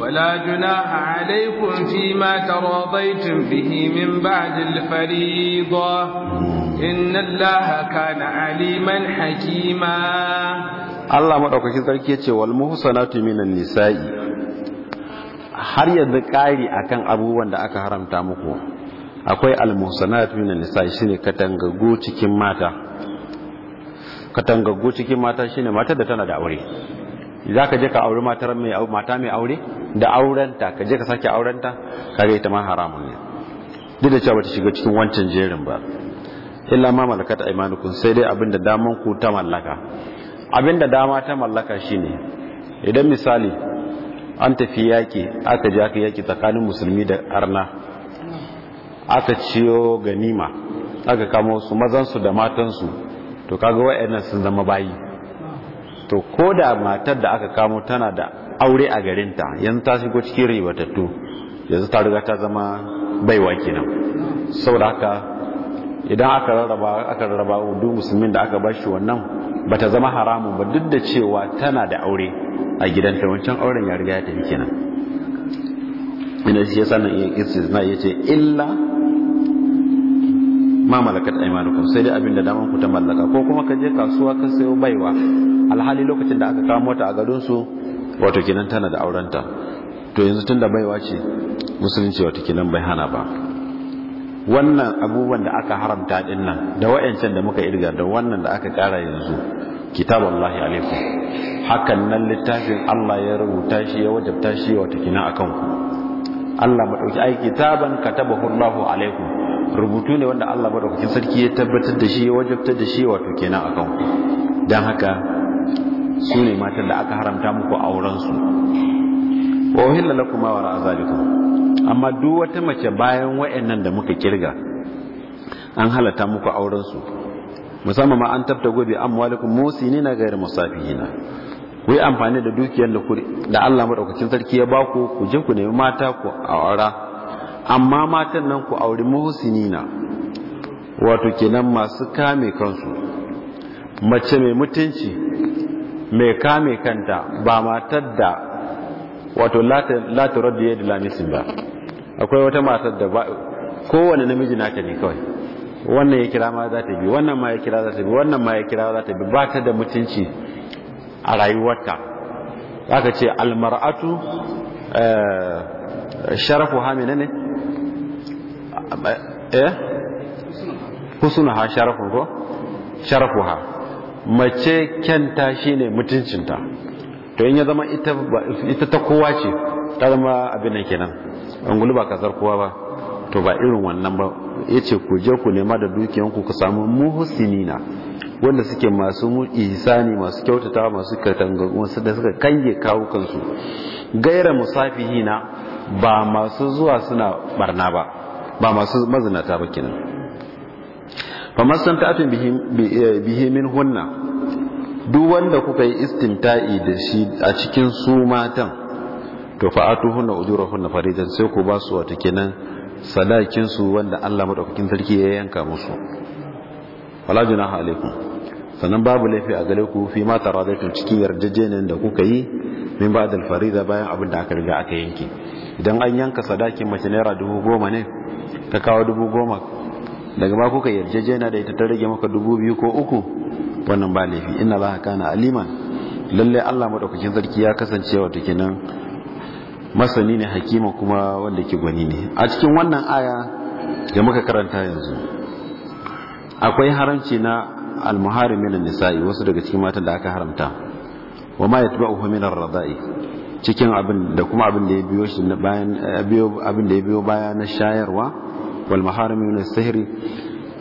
ولا جناح عليكم فيما تراضيتم به من بعد الفريضة inna الله كان aliman hakima Allah ما sarki yace wal muhsanatu من nisa'i har yanzu kari akan abubuwan da aka haramta muku akwai من النساء minan nisa'i تكيم katangagu cikin mata katangagu cikin mata shine matar da tana da aure za ka je ka auri matar mata mai aure da aurenta ka je ka sake aurenta kare ita ma haramun ne duk da cewa bata shiga cikin wancan jerin ba illa ma malakata aymanukum sai dai abinda daman ku ta mallaka abinda dama ta mallaka shine idan misali an tafi yaki aka ji aka yaki tsakanin musulmi da arna aka ciyo ganima aka kamo su mazansu da matansu to kaga wayannan sun zama bayi to ko da matar da aka kamo tana da aure a garinta yanzu ta shigo cikin ribatattu yanzu ta riga ta zama baiwa kenan saboda haka idan aka rarraba aka rarraba wa duk musulmin da aka bashi wannan bata zama haramun ba duk da cewa tana da aure a gidanta wancan auren ya riga ya tafi kenan ina shi yasa nan yin istisna yace illa ma malakat aymanukum sai dai abinda daman ku ta mallaka ko kuma ka je kasuwa ka sayo baiwa alhali lokacin da aka kawo mota a gadon su wato kenan tana da aurenta to yanzu tunda baiwa ce musulunci wato kenan bai hana ba wannan abubuwan da aka haramta din nan da wayancan da muka irga da wannan da aka kara yanzu kitab Allah alaikum hakan nan littafin Allah ya rubuta shi ya wajabta shi wa kina akan ku Allah ma dauki ai kitaban katabahu Allah alaikum rubutu ne wanda Allah madaukakin sarki ya tabbatar da shi ya wajabta da shi wato kenan akan ku dan haka su matan da aka haramta muku auren su wa uhilla lakum ma amma duk wata mace bayan wayannan da muka kirga an halata muku auren su musamman ma an tabta gobe amwalikum musinina ghayr musafihina ku yi amfani da dukiyar da da Allah madaukakin sarki ya baku ku je ku nemi mata ku aura amma matan nan ku auri Musinina wato kenan masu kame kansu mace mai mutunci mai kame kanta ba matar da wato lati da ya dila nisin ba akwai wata matar da ba kowane namiji nata ne kawai wannan ya kira ma za ta bi wannan ma ya kira za ta bi wannan ma ya kira za ta bi ba ta da mutunci a rayuwarta ka ce almar'atu sharafu hamina ne eh, eh? husnu ha sharafu ko sharafu ha mace kyanta shine mutuncinta to in ya zama ita ta kowa ce ta zama abin nan kenan angulu ba kasar kowa ba to ba irin wannan ba ya ku je ku nema da dukiyanku ku samu muhusinina wanda suke masu ihsani masu kyautata masu katangagu wasu da suka kange kawo kansu gaira musafihina ba masu zuwa suna barna ba ba masu mazinata ba kenan fa masantatun bihi eh, hunna duk wanda kuka yi istimta'i da shi a cikin su matan to fa atuhunna ujurahunna faridan sai ku ba su wata kenan sadakin su wanda Allah madaukakin sarki ya yanka musu wala junaha alaikum sannan babu laifi a gare ku fi ma taradaitum cikin yarjejeniyar da kuka yi min ba al farida bayan abin da aka riga aka yanke idan an yanka sadakin mace naira dubu goma ne ta kawo dubu goma daga ba kuka yarjejena da ita ta rage maka dubu biyu ko uku wannan ba laifi inna allaha kana aliman lallai Allah madaukakin sarki ya kasance wa tukinan masani ne hakima kuma wanda ke gwani ne a cikin wannan aya da muka karanta yanzu akwai haramci na almuharimi nisa'i wasu daga cikin matan da aka haramta wa ma yatba'uhu min ar-rada'i cikin abin da kuma abin da ya biyo shi bayan eh, biyo abin da ya biyo baya na shayarwa wal maharimi min sihri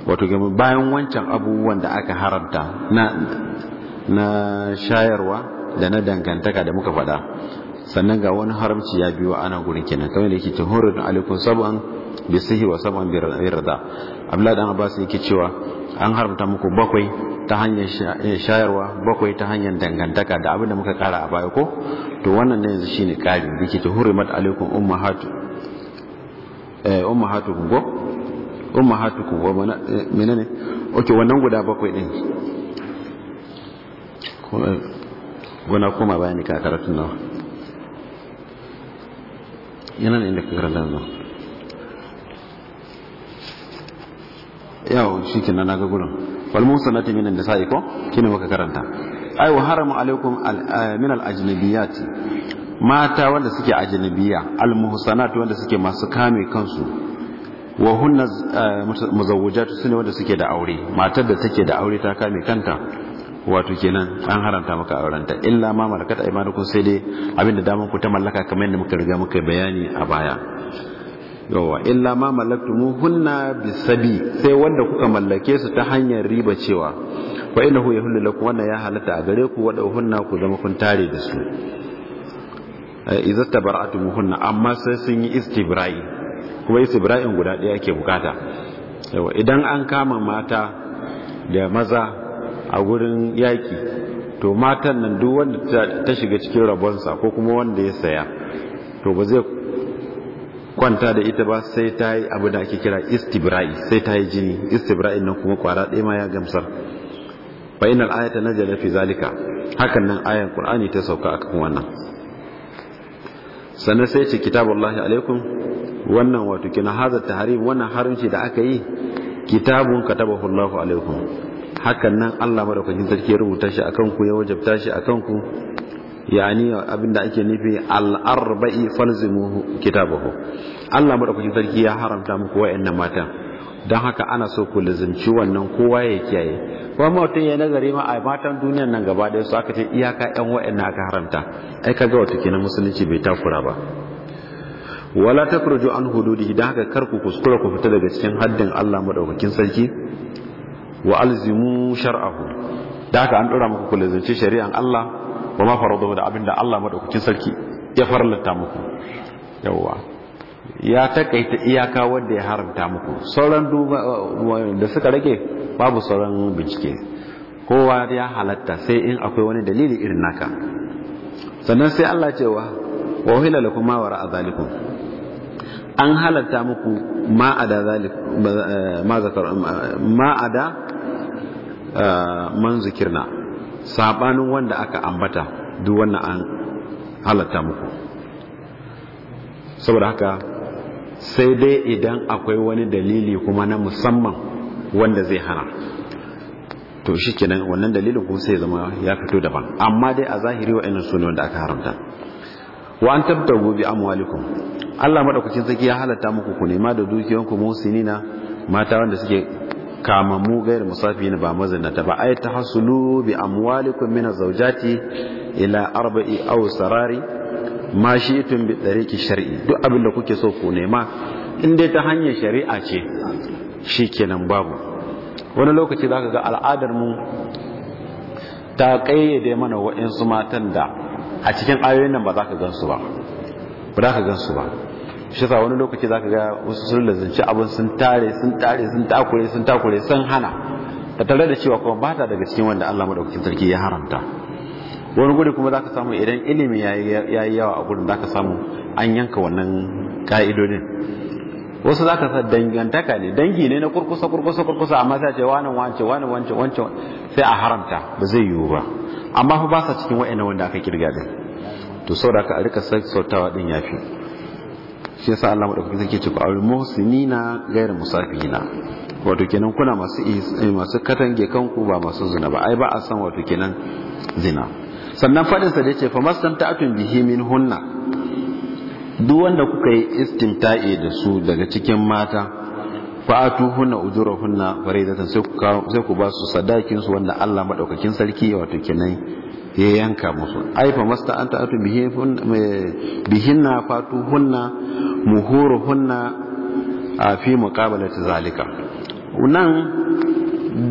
wato bayan wancan abubuwan da aka haramta na na shayarwa da na dangantaka da muka faɗa sannan ga wani haramci ya biyo ana gurin kenan kamar da yake ta horodun alaikun sabon bi sihi wa sab'an bi rida abla dan abbas yake cewa an haramta muku bakwai ta hanyar eh, shayarwa bakwai ta hanyar dangantaka da abin da muka kara a baya ko to wannan ne yanzu shine kari yake ta mat alaikun ummahatu eh ummahatu go ummahatu ko eh, menene okay wannan guda bakwai din eh, gona koma bayani ka karatun nawa yana ne inda ka karanta nan yawo shi kenan na ga gurin wal musanati da sa'iko ko kina karanta ai wa haramu alaikum eh, min al ajnabiyati mata wanda suke ajnabiya al muhsanat wanda suke masu kame kansu wa hunna eh, su sune wanda suke da aure matar da take da aure ta kame kanta wato kenan an haranta maka aurenta illa ma malakat aymanukum sai dai abinda daman ku ta mallaka kamar yadda muka riga muka bayani a baya yawa illa ma malaktumu hunna bisabi sai wanda kuka mallake su ta hanyar riba cewa fa innahu yahullu lakum wannan ya halatta a gare ku wada hunna ku zama kun tare da su idza tabara'tum hunna amma sai sun yi istibra'i kuma istibra'in guda ɗaya ake bukata yawa idan an kama mata da maza a gurin yaƙi to matan nan duk wanda ta shiga cikin rabonsa ko kuma wanda ya saya to ba zai kwanta da ita ba sai ta yi abu da ake kira istibra'i sai ta yi jini istibra'i nan kuma kwara ɗaya ma ya gamsar bayanar ayata na jalafi zalika hakan nan ayan ta sauka a kan wannan sannan sai ce kitabullahi alaikum wannan wato kina hazar tahrim wannan harin da aka yi kitabun katabahu Allahu alaikum hakan nan Allah madaukakin sarki ya rubuta shi akan ku ya wajabta shi akan ku yani abinda ake nufi al-arba'i falzimuhu kitabahu Allah madaukakin sarki ya haramta muku wayannan mata Dan haka ana so ku lazimci wannan kowa ya kiyaye kuma mutum ya nazari ma a matan duniyan nan gaba ɗaya su aka ce iyaka yan wayannan aka haramta ai kaga wato kenan musulunci bai takura ba wala takruju an hududi don haka kar ku kuskura ku fita daga cikin haddin Allah madaukakin sarki wa alzimu shar'ahu da haka an dora muku ku lazance shari'an Allah wa ma faradahu da abinda Allah madaukakin sarki ya farlanta muku yawwa ya takaita iyaka wanda ya haramta muku sauran da suka rage babu sauran bincike kowa ya halatta sai in akwai wani dalili irin naka sannan sai Allah cewa wa hilalakum ma wara'a zalikum an halatta muku ma'ada zalik eh, ma zakar ma'ada eh, man zikirna sabanin wanda aka ambata duk wannan an halatta muku saboda haka sai dai idan akwai wani dalili kuma na musamman wanda zai hana to shi kenan wannan dalilin kuma sai zama ya fito daban amma dai a zahiri wa'annan su ne wanda aka haramta wa an tabtagu bi amwalikum Allah madaukakin sarki ya halatta muku ku nema da dukiyanku musinina mata wanda suke kamammu gairu musafina ba mazinata ba ay tahsulu bi amwalikum min azwajati ila arba'i aw sarari ma shi'tum bi tariqi shar'i duk abin da kuke so ku nema in dai ta hanyar shari'a ce Shi shikenan babu wani lokaci zaka ga al'adar mu ta kayyade mana waɗansu matan da a cikin ayoyin nan ba za ka gan su ba ba za ka gan su ba shi sa wani lokaci za ka ga wasu sun lazanci abin sun tare sun tare sun takure sun takure sun hana da tare da cewa kuma ba ta daga cikin wanda Allah madaukakin sarki ya haramta wani guri kuma za ka samu idan ilimi ya yi yawa a gurin za ka samu an yanka wannan ka'idodin wasu za ka sa dangantaka ne dangi ne na kurkusa kurkusa kurkusa amma sai ce wani wance wani wance wance sai a haramta ba zai yiwu ba amma fa ba sa cikin wa'annan wanda aka kirga din to sau da ka a rika sautawa din fi shi yasa Allah madaukaki zai ce ku auri muhsinina ghairu musafihina wato kenan kuna masu eh, masu katange kanku ba masu zina ba ai ba a san wato kenan zina sannan fadin sa da yace fa mastanta'atun bihi min hunna duk wanda kuka yi istimta'i da su daga cikin mata fa'atu hunna ujura hunna faridatan sai ku ba su sadakin su wanda Allah madaukakin sarki wato kenan ya yanka musu ai fa masta anta atu bihinna fatuhunna hunna muhuru hunna a fi muqabalati zalika nan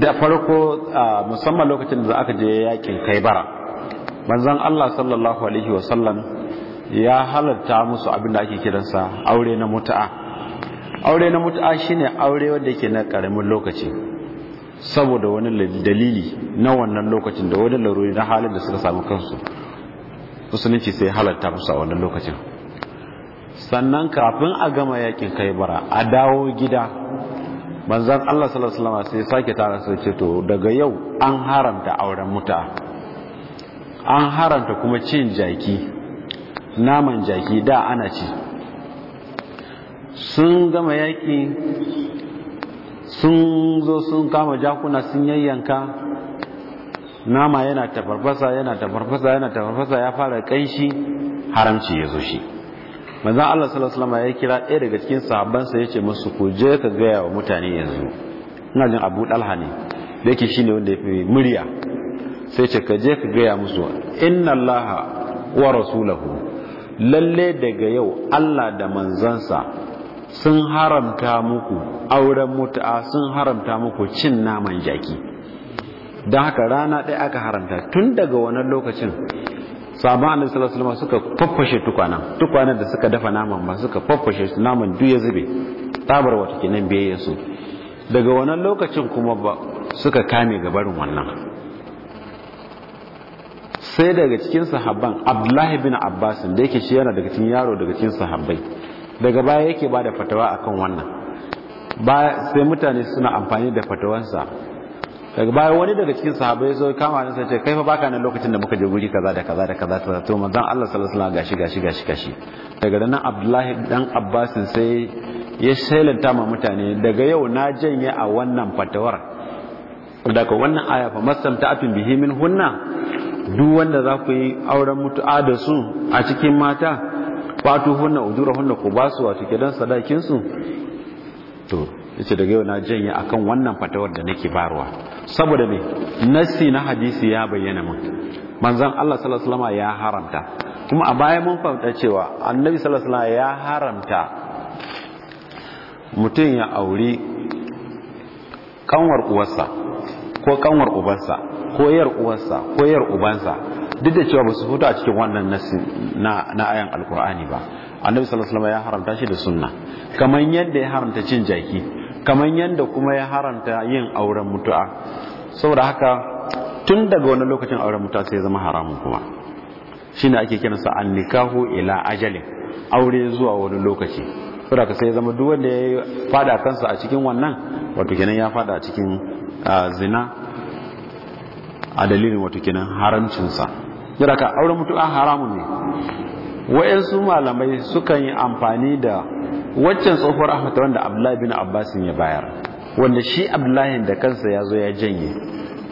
da farko musamman lokacin da aka je yakin kaibara manzon Allah sallallahu alaihi wa sallam ya halatta musu abin da ake kiransa aure na mutu'a aure na mutu'a shine aure wanda yake na karamin lokaci saboda wani dalili na wannan lokacin da wani laruri na halin da suka samu kansu musulunci sai halatta musu a wannan lokacin sannan kafin a gama yakin bara, a dawo gida manzan Allah sallallahu alaihi sai sake tara sai ce to daga yau an haramta auren mutu'a an haramta kuma cin jaki naman jaki da ana ci sun gama yaƙi sun zo sun kama jakuna sun yayyanka nama yana tafarfasa yana tafarfasa yana tafarfasa ya fara kanshi haramci ya zo shi manzan Allah sallallahu alaihi ya kira ɗaya daga cikin sahabbansa ya ce musu ku je ka gaya wa mutane yanzu ina jin Abu Dalha ne da yake shine wanda ya fi murya sai ce ka je ka gaya musu inna Allaha wa rasulahu lalle daga yau Allah da manzansa sun haramta muku auren mutu'a sun haramta muku cin naman jaki don haka rana ɗaya aka haramta tun daga wannan lokacin sabon annabi sallallahu alaihi suka faffashe tukwana tukwana da suka dafa naman ba suka faffashe su naman duk ya zube tabar wata kenan biyayya su daga wannan lokacin kuma ba suka kame gabarin wannan sai daga cikin sahabban abdullahi bin abbas da yake shi yana daga cikin yaro daga cikin sahabbai daga baya yake ba da fatawa akan wannan baya sai mutane suna amfani da fatawansa daga baya wani daga cikin sahabbai zo kama ne sai ce kai fa baka nan lokacin da muka je guri kaza da kaza da kaza ta to manzon Allah sallallahu alaihi wasallam gashi gashi gashi gashi daga nan Abdullahi dan Abbas sai ya shailanta ma mutane daga yau na janye a wannan fatawar daga wannan aya fa masamta afin bihi min hunna duk wanda za ku yi auren mutu'a da su a cikin mata fatu hunna ujura hunna ku ba su wato gidan sadakinsu. to yace daga yau na janye akan wannan fatawar da nake barwa saboda me nasi na hadisi ya bayyana mun manzon Allah sallallahu alaihi wasallam ya haramta kuma a baya mun fahimta cewa annabi sallallahu alaihi wasallam ya haramta mutum ya auri kanwar uwarsa ko kanwar ubarsa. koyar uwansa koyar ubansa duk da cewa ba su fito a cikin wannan na na ayan alkur'ani ba annabi sallallahu alaihi ya haramta shi da sunna kamar yadda ya haramta cin jaki kamar yadda kuma ya haramta yin auren mutu'a saboda haka tun daga wani lokacin auren mutu'a sai zama haramun kuma shine ake kiransa nikahu ila ajalin aure zuwa wani lokaci saboda haka sai zama duk wanda ya fada kansa a cikin wannan wato kenan ya fada a cikin ah, zina a dalilin wato haramcinsa yadda ka auren mutu'a haramun ne wa'yansu malamai sukan yi amfani da waccan tsohuwar ahmata wanda abdullahi bin abbasin ya bayar wanda shi abdullahi da kansa ya zo ya janye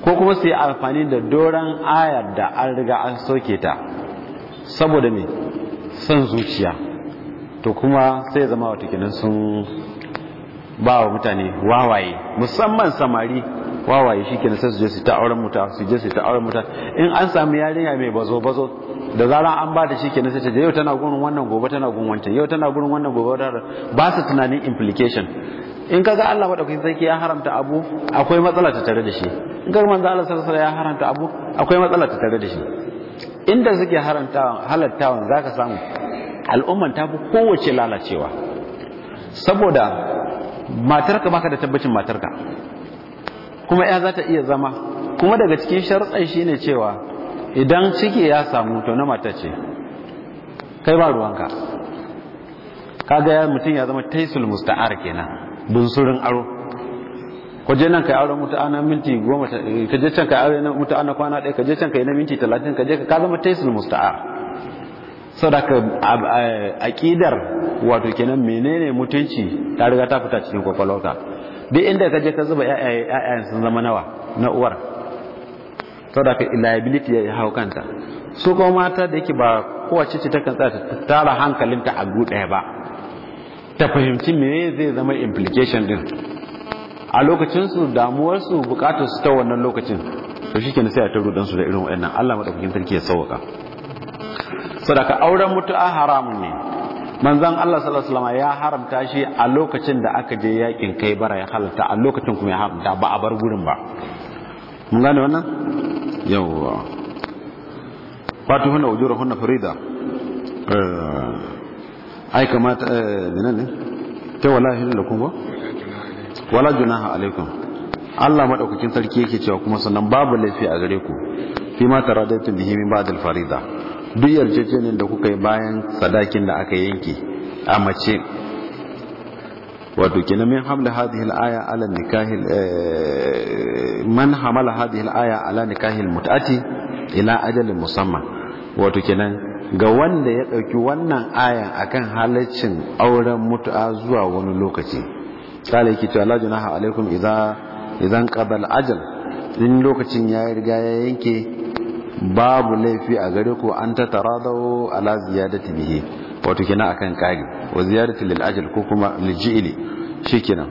ko kuma su yi amfani da doron ayar da an riga an soke ta saboda ne son zuciya to kuma sai zama watakilan sun ba wa mutane wawaye musamman samari wawaye shi ke sai su je su ta auren muta su je su ta auren muta in an sami yarinya mai bazo bazo da zaran an ba da shi ke sai ta yau tana gurin wannan gobe tana gurin wancan yau tana gurin wannan gobe ba su tunanin implication in kaga Allah madaukakin sarki ya haramta abu akwai matsala ta tare da shi in kaga manzo Allah sallallahu alaihi ya haramta abu akwai matsala ta tare da shi inda suke haramtawan halattawan zaka samu al'umman ta fi kowace lalacewa saboda matarka baka da tabbacin matarka kuma ya za ta iya zama kuma daga cikin sharɗan shi ne cewa idan ciki ya samu to na mata ce kai ba ruwanka kaga ya mutum ya zama taisul musta'ar kenan bunsurin aro kwaje nan kai auren mutu ana minti goma kaje can kai auren mutu ana kwana ɗaya kaje can kai na minti talatin kaje ka zama taisul musta'ar sadaka aƙidar wato kenan menene mutunci ta riga ta fita cikin kwakwalwarka duk inda ka je ka zuba ƴaƴayen sun zama nawa na uwar da ka liability ya hau kanta su kuma mata da yake ba kowace ce takan tsaya ta tara hankalinta a gu ɗaya ba ta fahimci me zai zama implication din a lokacinsu damuwarsu su ta wannan lokacin to shi kenan sai a taro su da irin waɗannan Allah madaukakin sarki ya sauka Sadaka auren mutu'a haramun ne manzan Allah sallallahu alaihi wasallam ya haramta shi a lokacin da aka je yakin kai bara ya halatta a lokacin kuma ya haramta ba a bar gurin ba mun gane wannan yawa fatu hunna ujura hunna farida eh, ai kamata eh, ne ta wallahi lakum ba wala junaha alaikum Allah madaukakin sarki yake cewa kuma sannan babu laifi a gare ku fi ma taradaitu bihi min ba'd al-farida duk yarjejeniyar da kuka yi bayan sadakin da aka yanke a mace wato kina min hamla hadhihi al-aya ala nikah eh, man hamala hadhihi al-aya ala al mut'ati ila ajal musamman wato kenan ga wanda ya dauki wannan aya akan halaccin auren mutu'a zuwa wani lokaci sai yake cewa la junaha alaikum idza idan qabala ajal in lokacin ya riga ya yanke babu laifi a gare ku an ta taradau ala ziyadati bihi wato kenan akan kari wa ziyadati lil ajal ko kuma lijili Shi shikenan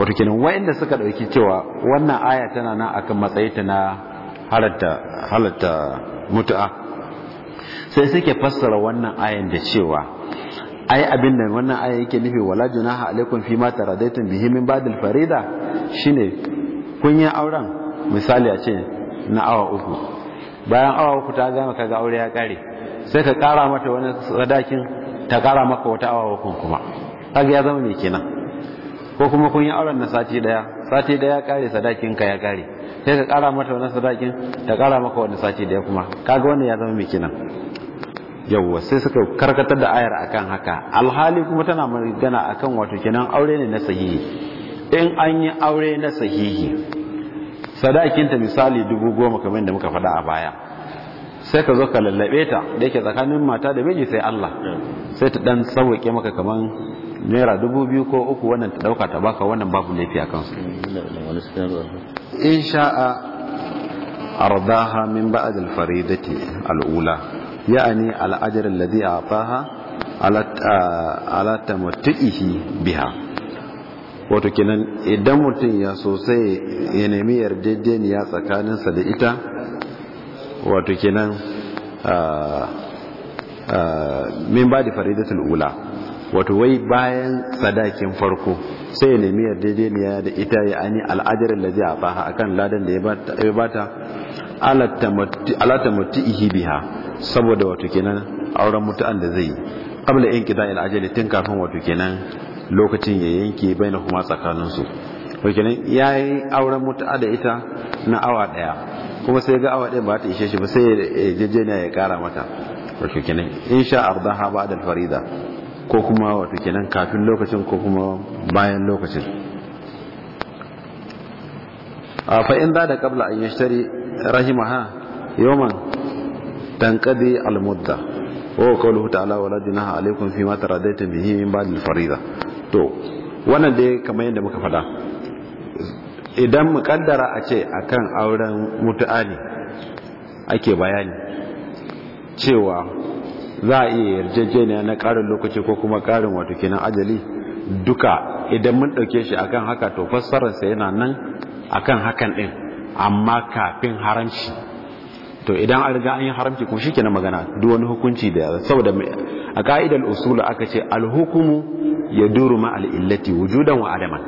wato kenan wanda suka dauki cewa wannan aya tana nan akan matsayinta na halatta halatta mutu'a sai suke fassara wannan ayan da cewa ai abin da wannan aya yake nufi wala junaha alaikum ma taradaitum bihi min ba'dil farida shine kun yi auren misali a ce na awa uku bayan awa uku ta gama kaga aure ya kare sai ka kara mata wani sadakin ta kara maka wata awa uku kuma kaga ya zama me kenan ko kuma kun yi auren na sati daya sati daya kare sadakin ka ya kare sai ka kara mata wani sadakin ta kara maka wani sati daya kuma kaga wannan ya zama me kenan yawwa sai suka karkatar da ayar akan haka alhali kuma tana magana akan wato kenan aure ne na sahihi in an yi aure na sahihi sadakinta misali dubu goma kamar da muka fada a baya sai ka zo ka lallabe ta da yake tsakanin mata da miji sai Allah sai ta dan sauke maka kamar naira dubu biyu ko uku wannan ta dauka ta baka wannan babu laifi a kansu in sha'a ardaha min ba'd al-faridati al-ula ya'ni al-ajr alladhi a'taha ala ala tamattihi biha wato kenan idan mutum ya sosai ya nemi yarjejeniya tsakaninsa da ita wato kenan min ba da faridatul tulula wato wai bayan sadakin farko sai ya nemi yarjejeniya da ita ya ani al'ajarin da zai a baha a kan ladan da ya bata alatamatti ihi biya saboda wato kenan auren mutu'an da zai yi ƙabla in kita al'ajali tun kafin wato kenan lokacin ya yanke bai na kuma tsakaninsu wakilin ya yi auren mutu'a da ita na awa daya kuma sai ga awa daya ba ta ishe shi ba sai ya jejjena ya kara mata wato kenan in sha arda ha ba da farida ko kuma wato kenan kafin lokacin ko kuma bayan lokacin a fa'in in da da qabla an yashtari rahimaha yawman tankadi al mudda wa qawluhu ta'ala wala junaha alaykum fima mata bihi min ba'd al farida to wannan dai kamar yadda muka faɗa idan mukaddara a ce akan auren mutu'a ne ake bayani cewa za a iya yarjejeniya na ƙarin lokaci ko kuma ƙarin wato kenan ajali duka idan mun ɗauke shi akan haka to fassararsa yana nan akan hakan ɗin amma kafin haramci to idan an riga an yi haramci kuma shi kenan magana duk wani hukunci da saboda a ka'idar usul aka ce alhukumu ya duru ma al'illati wujudan wa adaman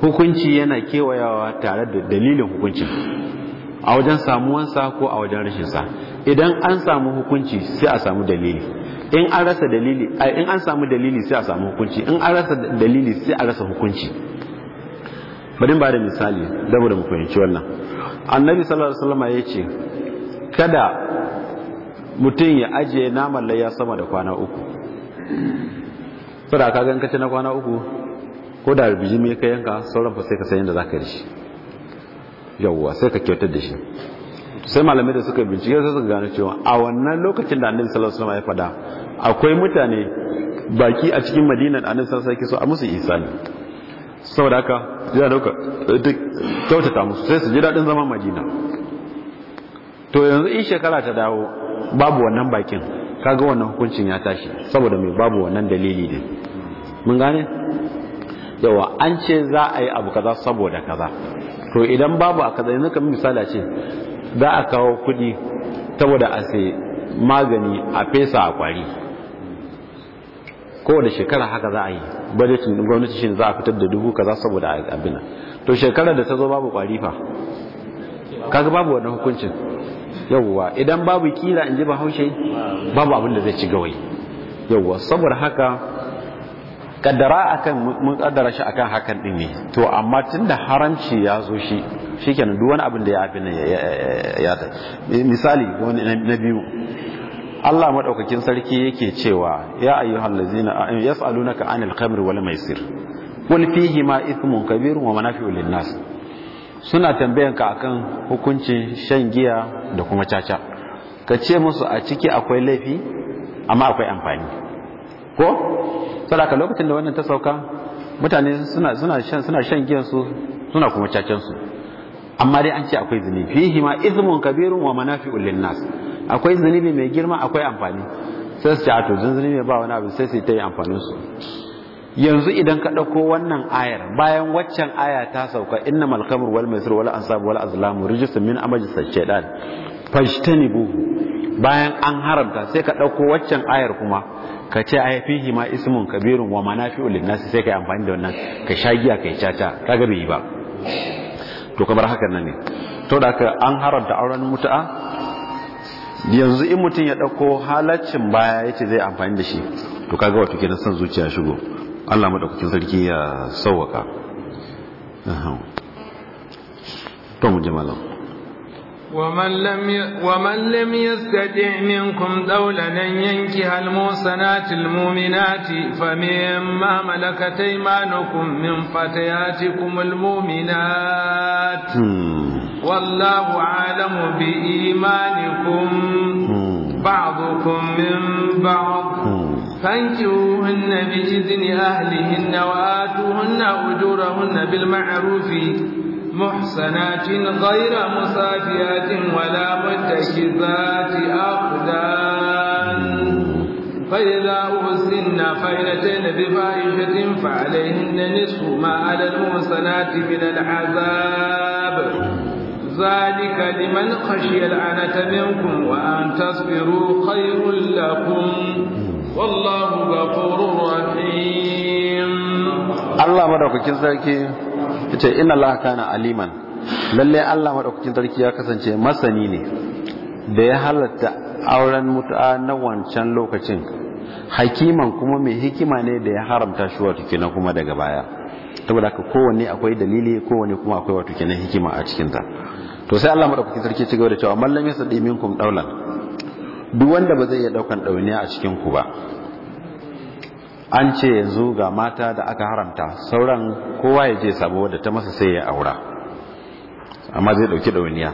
hukunci yana kewayawa tare da dalilin hukunci a wajen samuwansa ko a wajen rashinsa idan an samu hukunci sai a samu dalili in an rasa dalili in an samu dalili sai a samu hukunci in an rasa dalili sai a rasa hukunci bari ba da misali saboda mu fahimci wannan annabi sallallahu alaihi wasallam ya ce kada mutum ya ajiye naman layya sama da kwana uku saboda kagan gan na kwana uku ko da rubiji me ka yanka sauran fa sai ka san yadda ka yi shi yawuwa sai ka kyautar da shi sai malamai da suka bincike sai suka gano cewa a wannan lokacin da annin sallallahu ya fada akwai mutane baki a cikin madinan annin sallallahu ya ke so a musu isani saboda haka ya dauka eh, kyautata musu sai su ji dadin zaman madina to yanzu in shekara ta dawo babu wannan bakin kaga wannan hukuncin ya tashi saboda mai babu wannan dalili din mun gane yawa an ce za a yi abu kaza saboda kaza to idan babu a kaza yanzu kamar misali ce za a kawo kuɗi saboda a sai magani a fesa a kwari kowane shekara haka za a yi budgetin gwamnati shi za a fitar da dubu kaza saboda abin to shekarar da ta zo babu kwari fa kaga babu wannan hukuncin yauwa idan babu kila in ji bahaushe babu abin da zai ci gawai yawwa saboda haka kaddara akan mun kaddara shi akan hakan din ne to amma tunda haramci ya zo shi shikenan duk wani abin da ya abin ya ta misali wani na biyu Allah madaukakin sarki yake cewa ya ayyuhal ladzina yas'alunaka anil khamri wal maisir qul fihi ma ithmun kabirun wa manafi'u lin nas suna tambayan ka akan hukuncin shan giya da kuma caca ka ce musu a ciki akwai laifi amma akwai amfani ko saboda lokacin da wannan ta sauka mutane suna suna shan suna su suna kuma cacen su amma dai an ce akwai zunubi fi ma izmun kabirun wa manafi'ul nasu akwai zunubi mai girma akwai amfani sai su ce a zunubi ba wani abu sai su yi ta yi amfanin yanzu idan ka ɗauko wannan ayar bayan waccan aya ta sauka inna malkamur wal maisir wal ansab wal azlamu rijisun min amajis shaitan buhu bayan an haramta sai ka ɗauko waccan ayar kuma ka ce a fihi hima ismun kabirun wa manafi'u linnasi sai ka yi amfani da wannan ka sha giya ka yi caca kaga bai yi ba to kamar hakan nan ne to da ka an haramta auren mutu'a yanzu in mutum ya ɗauko halaccin baya yace zai amfani da shi to kaga wato kenan son zuciya shigo Allah ma ɗaukacin ya sauwaka. To muje mu alama. Wa mallame yasa danyen ku daula na yanke halmo sanatilmuminati? Fa me yamma ma da katai ma nukun min fata ya ci kumulmuminati? Hmm. Wala bu cala bi imanikun hmm. babu kun min ba. Hmm. فانكروهن بإذن أهلهن وآتوهن أجورهن بالمعروف محصنات غير مسافيات ولا متكذات اقدام فإذا أحسن فإنتين بفائشة فعليهن نصف ما على المحصنات من العذاب ذلك لمن خشي العنة منكم وأن تصبروا خير لكم والله غفور رحيم الله مدوكين سركي yace inna Allah kana aliman lalle Allah madaukakin sarki ya kasance masani ne da ya halatta auren mutu'a na wancan lokacin hakiman kuma mai hikima ne da ya haramta shi wato kenan kuma daga baya saboda haka kowanne akwai dalili kowanne kuma akwai wato kenan hikima a cikin ta to sai Allah madaukakin sarki ya ci gaba da cewa man lam yasdi minkum daulan duk wanda ba zai iya daukan dauniya a cikin ku ba an ce yanzu ga mata da aka haramta sauran kowa ya je sabo da ta masa sai ya aura amma zai dauki dauniya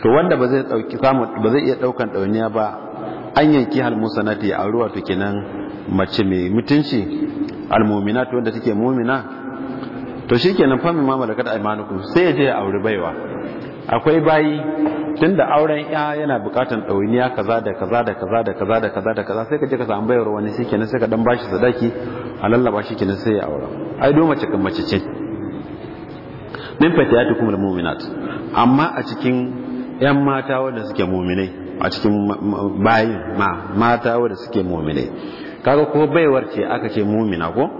to wanda ba zai dauki samu ba zai iya daukan ɗauniya ba an yanki hal musanati a ruwa to kenan mace mai mutunci almu'minat wanda take mu'mina to shikenan fa min aimanuku aymanukum sai ya je aure baiwa akwai bayi tunda auren ya yana bukatan ɗawainiya kaza da kaza da kaza da kaza da kaza da kaza sai ka je ka samu bayarwa wani shikenan sai ka dan bashi sadaki a lallaba shikenan sai ya aura ai do mace kan mace ce min da almu'minat amma a cikin yan mata wanda suke mu'minai a cikin bayin ma mata wanda suke mu'minai kaga ko baiwar ce aka ce mu'mina ko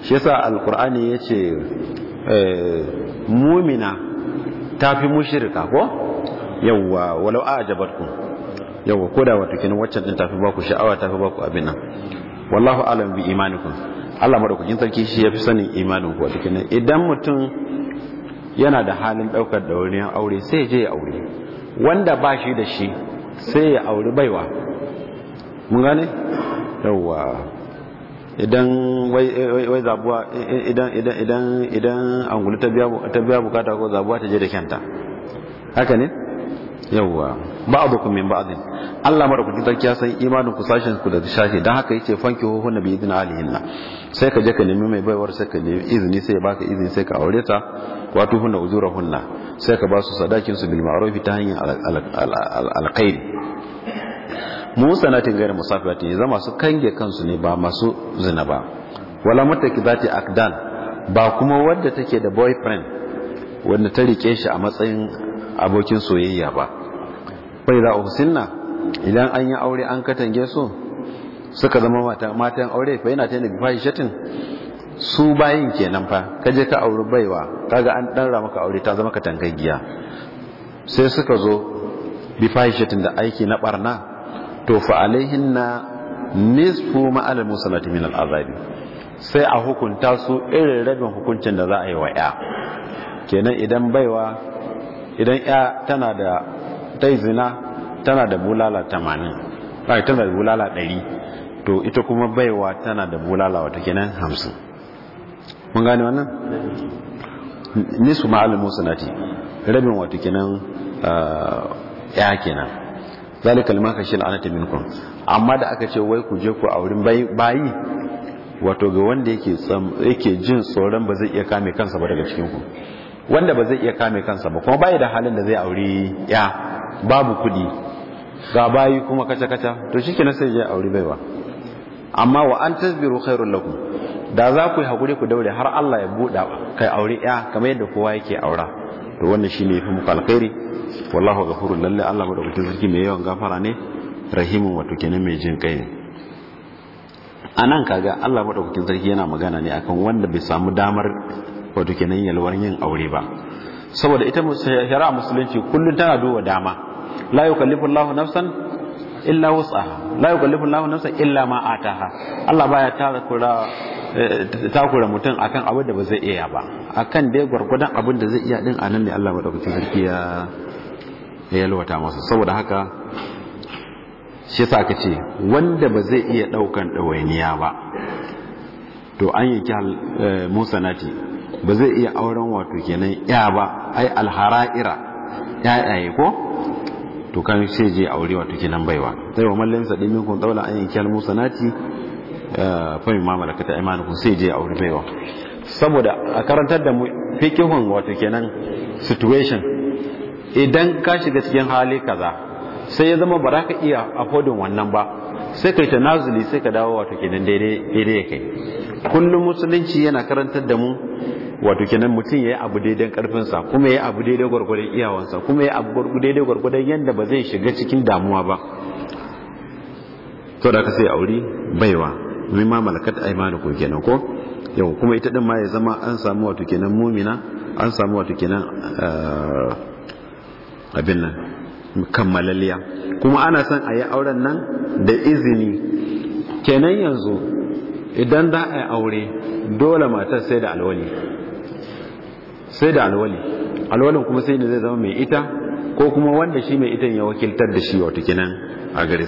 shi yasa alqur'ani yace eh, mu'mina tafi mushrika ko yawwa walau a ajabatkum yawwa koda wato kenan waccan din tafi baku sha'awa tafi baku abin nan wallahu alam bi imanikum Allah madaukakin sarki shi yafi sanin imanin ku wato kenan idan mutum yana da halin daukar dauriyar aure sai je ya aure wanda ba shi da shi sai ya aure baiwa mun gane yawwa idan wai zabuwa idan idan idan idan angulu ta biya bukata ko zabuwa ta je da kyanta haka ne yawwa ba'dukum min ba'din Allah madaukakin sarki ya san imanin ku sashen ku da shashi dan haka yace fanki ho hunna bi alihin na sai ka je ka nemi mai baiwar sai ka nemi izini sai baka izini sai ka aure ta wato hunna ujura hunna sai ka ba su sadakin su bil ma'ruf ta hanyar alkhairi Musa gairu musafiyatin ya zama su kange kansu ne ba masu zina ba wala mutaki ta akdan ba kuma wadda take da boyfriend wanda ta rike shi a matsayin abokin soyayya ba bai za uhsinna idan an yi aure an katange su suka zama matan aure fa yana ta nabi fahishatin su bayin kenan fa kaje ka auri baiwa kaga an dan rama ka aure ta zama katangaggiya sai suka zo bi fahishatin da aiki na barna to fa alaihinna nisfu ma al musallati min al azabi sai a hukunta su irin rabin hukuncin da za a yi wa ya kenan idan baiwa idan ya tana da ta yi zina tana da bulala tamanin ai tana da bulala 100 to ita kuma baiwa tana da bulala wata kenan hamsin mun gane wannan nisu ma'alin sanati rabin wata kenan eh, ya kenan zalika limakashin anata minkum amma da aka ce wai ku je ku a wurin bayi wato ga wanda yake jin tsoron ba zai iya kame kansa ba daga cikin ku wanda ba zai iya kame kansa ba kuma bai da halin da zai aure ya babu kuɗi ga bayi kuma kaca-kaca to shi kina sai ya aure baiwa amma wa an tasbiru khairul lakum da za ku yi hakuri ku daure har Allah ya buɗa kai aure ya kamar yadda kowa yake aura to wannan shine yafi muku alkhairi wallahu ghafurur lalle Allah madaukakin sarki mai yawan gafara ne rahimun wato kenan mai jin kai ne anan kaga Allah madaukakin sarki yana magana ne akan wanda bai samu damar wato kenan yalwar yin aure ba saboda ita shari'a musulunci kullum tana duba dama la yukallifu Allahu nafsan illa wus'aha la yukallifu Allahu nafsan illa ma ataha Allah baya takura eh, takura mutum akan abin da ba zai iya ba akan dai gwargwadon abin da zai iya din anan ne Allah madaukakin sarki ya yalwata masa saboda haka shi yasa aka ce wanda ba zai iya daukan dawainiya ba to an yi eh, musanati ba zai iya auren wato kenan ya ba ai alhara'ira yayaye ko to kan sai je aure wato kenan baiwa sai wa mallan din dimin kun daula an yanke al nati eh, fa mi mamala kata kun sai je aure baiwa saboda a karantar da mu fikihun wato kenan situation idan ka shiga cikin hali kaza sai ya zama ba za ka iya afodin wannan ba sai kai ta nazuli sai ka dawo wato kenan daidai daidai kai kullum musulunci yana karantar da mu wato kenan mutum ya yi abu daidai karfinsa kuma ya yi abu daidai gwargwadon iyawansa kuma ya yi abu daidai gwargwadon yadda ba zai shiga cikin damuwa ba to da ka sai auri baiwa domin ma malakat aimanu ko kenan ko yau kuma ita din ma ya zama an samu wato kenan mumina an samu wato kenan eh, abin nan kammalaliya kuma ana son a yi auren nan da izini kenan yanzu idan za a yi aure dole matar sai da alwali sai da alwali alwalin kuma sai da zai zama mai ita ko kuma wanda shi mai itan ya wakiltar da shi wato kenan a gare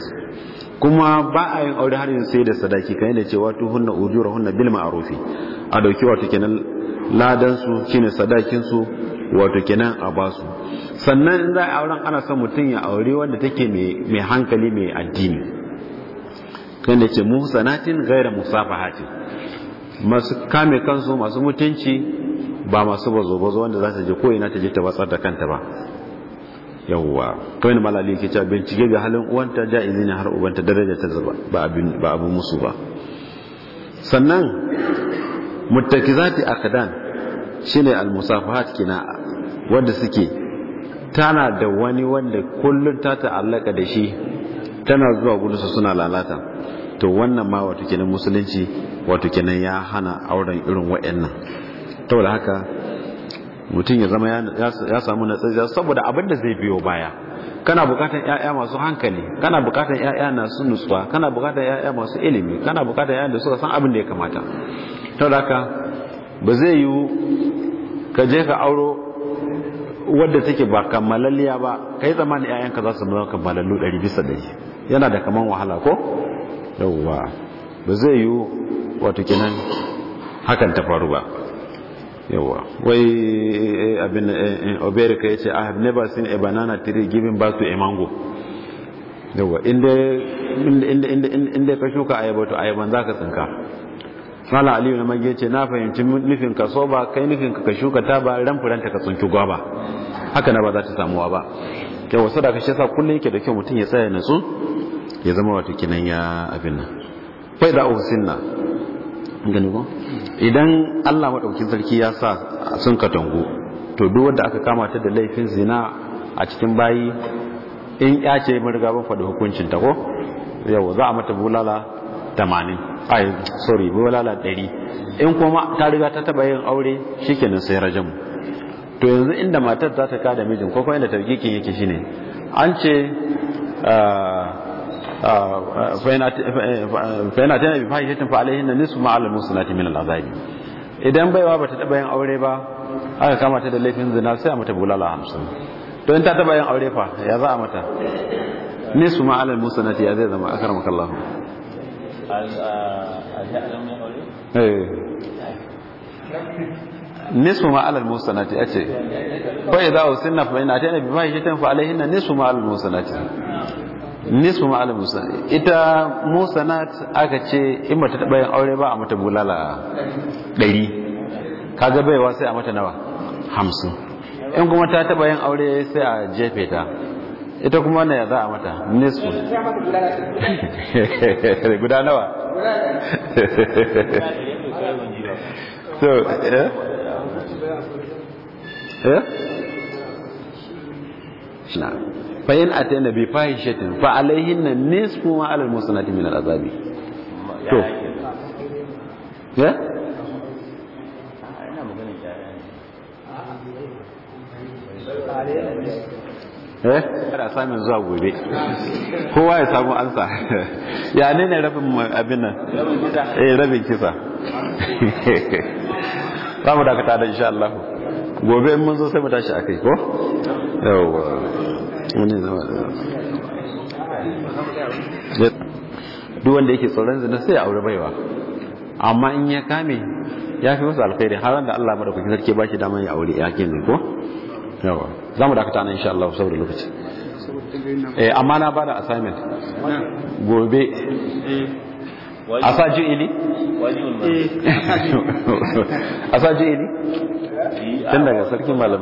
kuma ba a yin aure har yin sai da sadaki kan da cewa wato hunna ujura hunna bil ma'rufi a dauki wato kenan ladansu su shine sadakin su wato kenan a basu sannan in za a auren ana son mutum ya aure wanda take mai hankali mai addini kai ne ce muhsanatin gaira musafahatin masu kame kansu masu mutunci ba masu bazo bazo wanda za ta je ko ina ta je ta watsar da kanta ba yawwa kai ne malali ke cewa bincike ga halin uwanta jaizi izini har ubanta daraja ta zuba ba abin ba abu musu ba sannan muttakizati akdan shine al musafahat kina wanda suke tana da wani wanda kullun ta ta'allaka da shi tana zuwa gudunsa suna lalata to wannan ma wato kenan musulunci wato kenan ya hana auren irin ta saboda haka mutum ya zama ya samu tsaye saboda abin da zai biyo baya kana bukatan ya'ya masu hankali kana bukatan ya'ya masu nutsuwa kana bukatan ya'ya masu ilimi kana bukatan ya'ya da suka san abin da ya kamata saboda haka ba zai yiwu ka je ka auro wadda take ba kammalalliya ba kai tsammanin 'ya'yanka za su zama kammalallu 100 bisa 100 yana da kaman wahala ko yawwa ba zai yi wato kinan hakan ta faru ba yawwa wai eh, eh, abin eh, oberika ka yace i have never seen a banana tree giving birth to a mango yawwa inda ka shuka ayaba to ayaban ka tsinka Sala Aliyu na mage ce na fahimci nufin ka so ba kai nufin ka shuka ta ba ran furanta ka tsinki gwaba haka na ba za ta samuwa ba kyau sadaka shi yasa sa kullum yake da kyau mutum ya tsaya nasu ya zama wata kinan ya abin nan fai da na. gani ba idan Allah maɗauki sarki ya sa sun katangu to duk wanda aka kama ta da laifin zina a cikin bayi in ya ce mun riga ban faɗi hukuncin ta ko yau za a mata bulala 80 ayi sorry bulala 100 in kuma ta riga ta taba yin aure shikenan sai rajamu to yanzu inda matar za ta kada mijin ko kuma inda tarkikin yake shine an ce ah, fa ta yi fahimta fahishatin fa alaihin na nisu ma'al musulati min al'azabi idan baiwa bata taba yin aure ba aka kama ta da laifin zina sai a mata bulala hamsin don ta taba yin aure fa ya za a mata nisu ma'al musulati ya zai zama akar makallahu nisfu ma alal musanati ace fa idza usinna fa in atayna bi fahishatin fa alaihinna nisfu ma alal musanati nisfu ma'al musa ita musanat aka ce in mata taɓa yin aure ba a mata bulala ɗari kaga baiwa sai a mata nawa hamsin in kuma ta taɓa yin aure sai a jefe ta ita kuma na ya za a mata nisfu guda nawa so eh eh fa in atayna bi fahishatin fa alaihinna nisfu ma alal musanati min al azabi to ya eh kada samun zuwa gobe kowa ya samu ansa ya ne ne rabin abin nan eh rabin kisa za mu dakata da insha Allah gobe mun zo sai mu tashi a kai ko yawwa wani zama da duk wanda yake tsoron zina sai ya aure baiwa amma in ya kame ya fi masa alkhairi har da Allah madaukakin sarki ba shi damar ya aure ya kame ko yawa za mu dakata nan insha Allah saboda lokaci eh amma na bada assignment gobe eh. a sa ju'ili a sa ju'ili eh. tun daga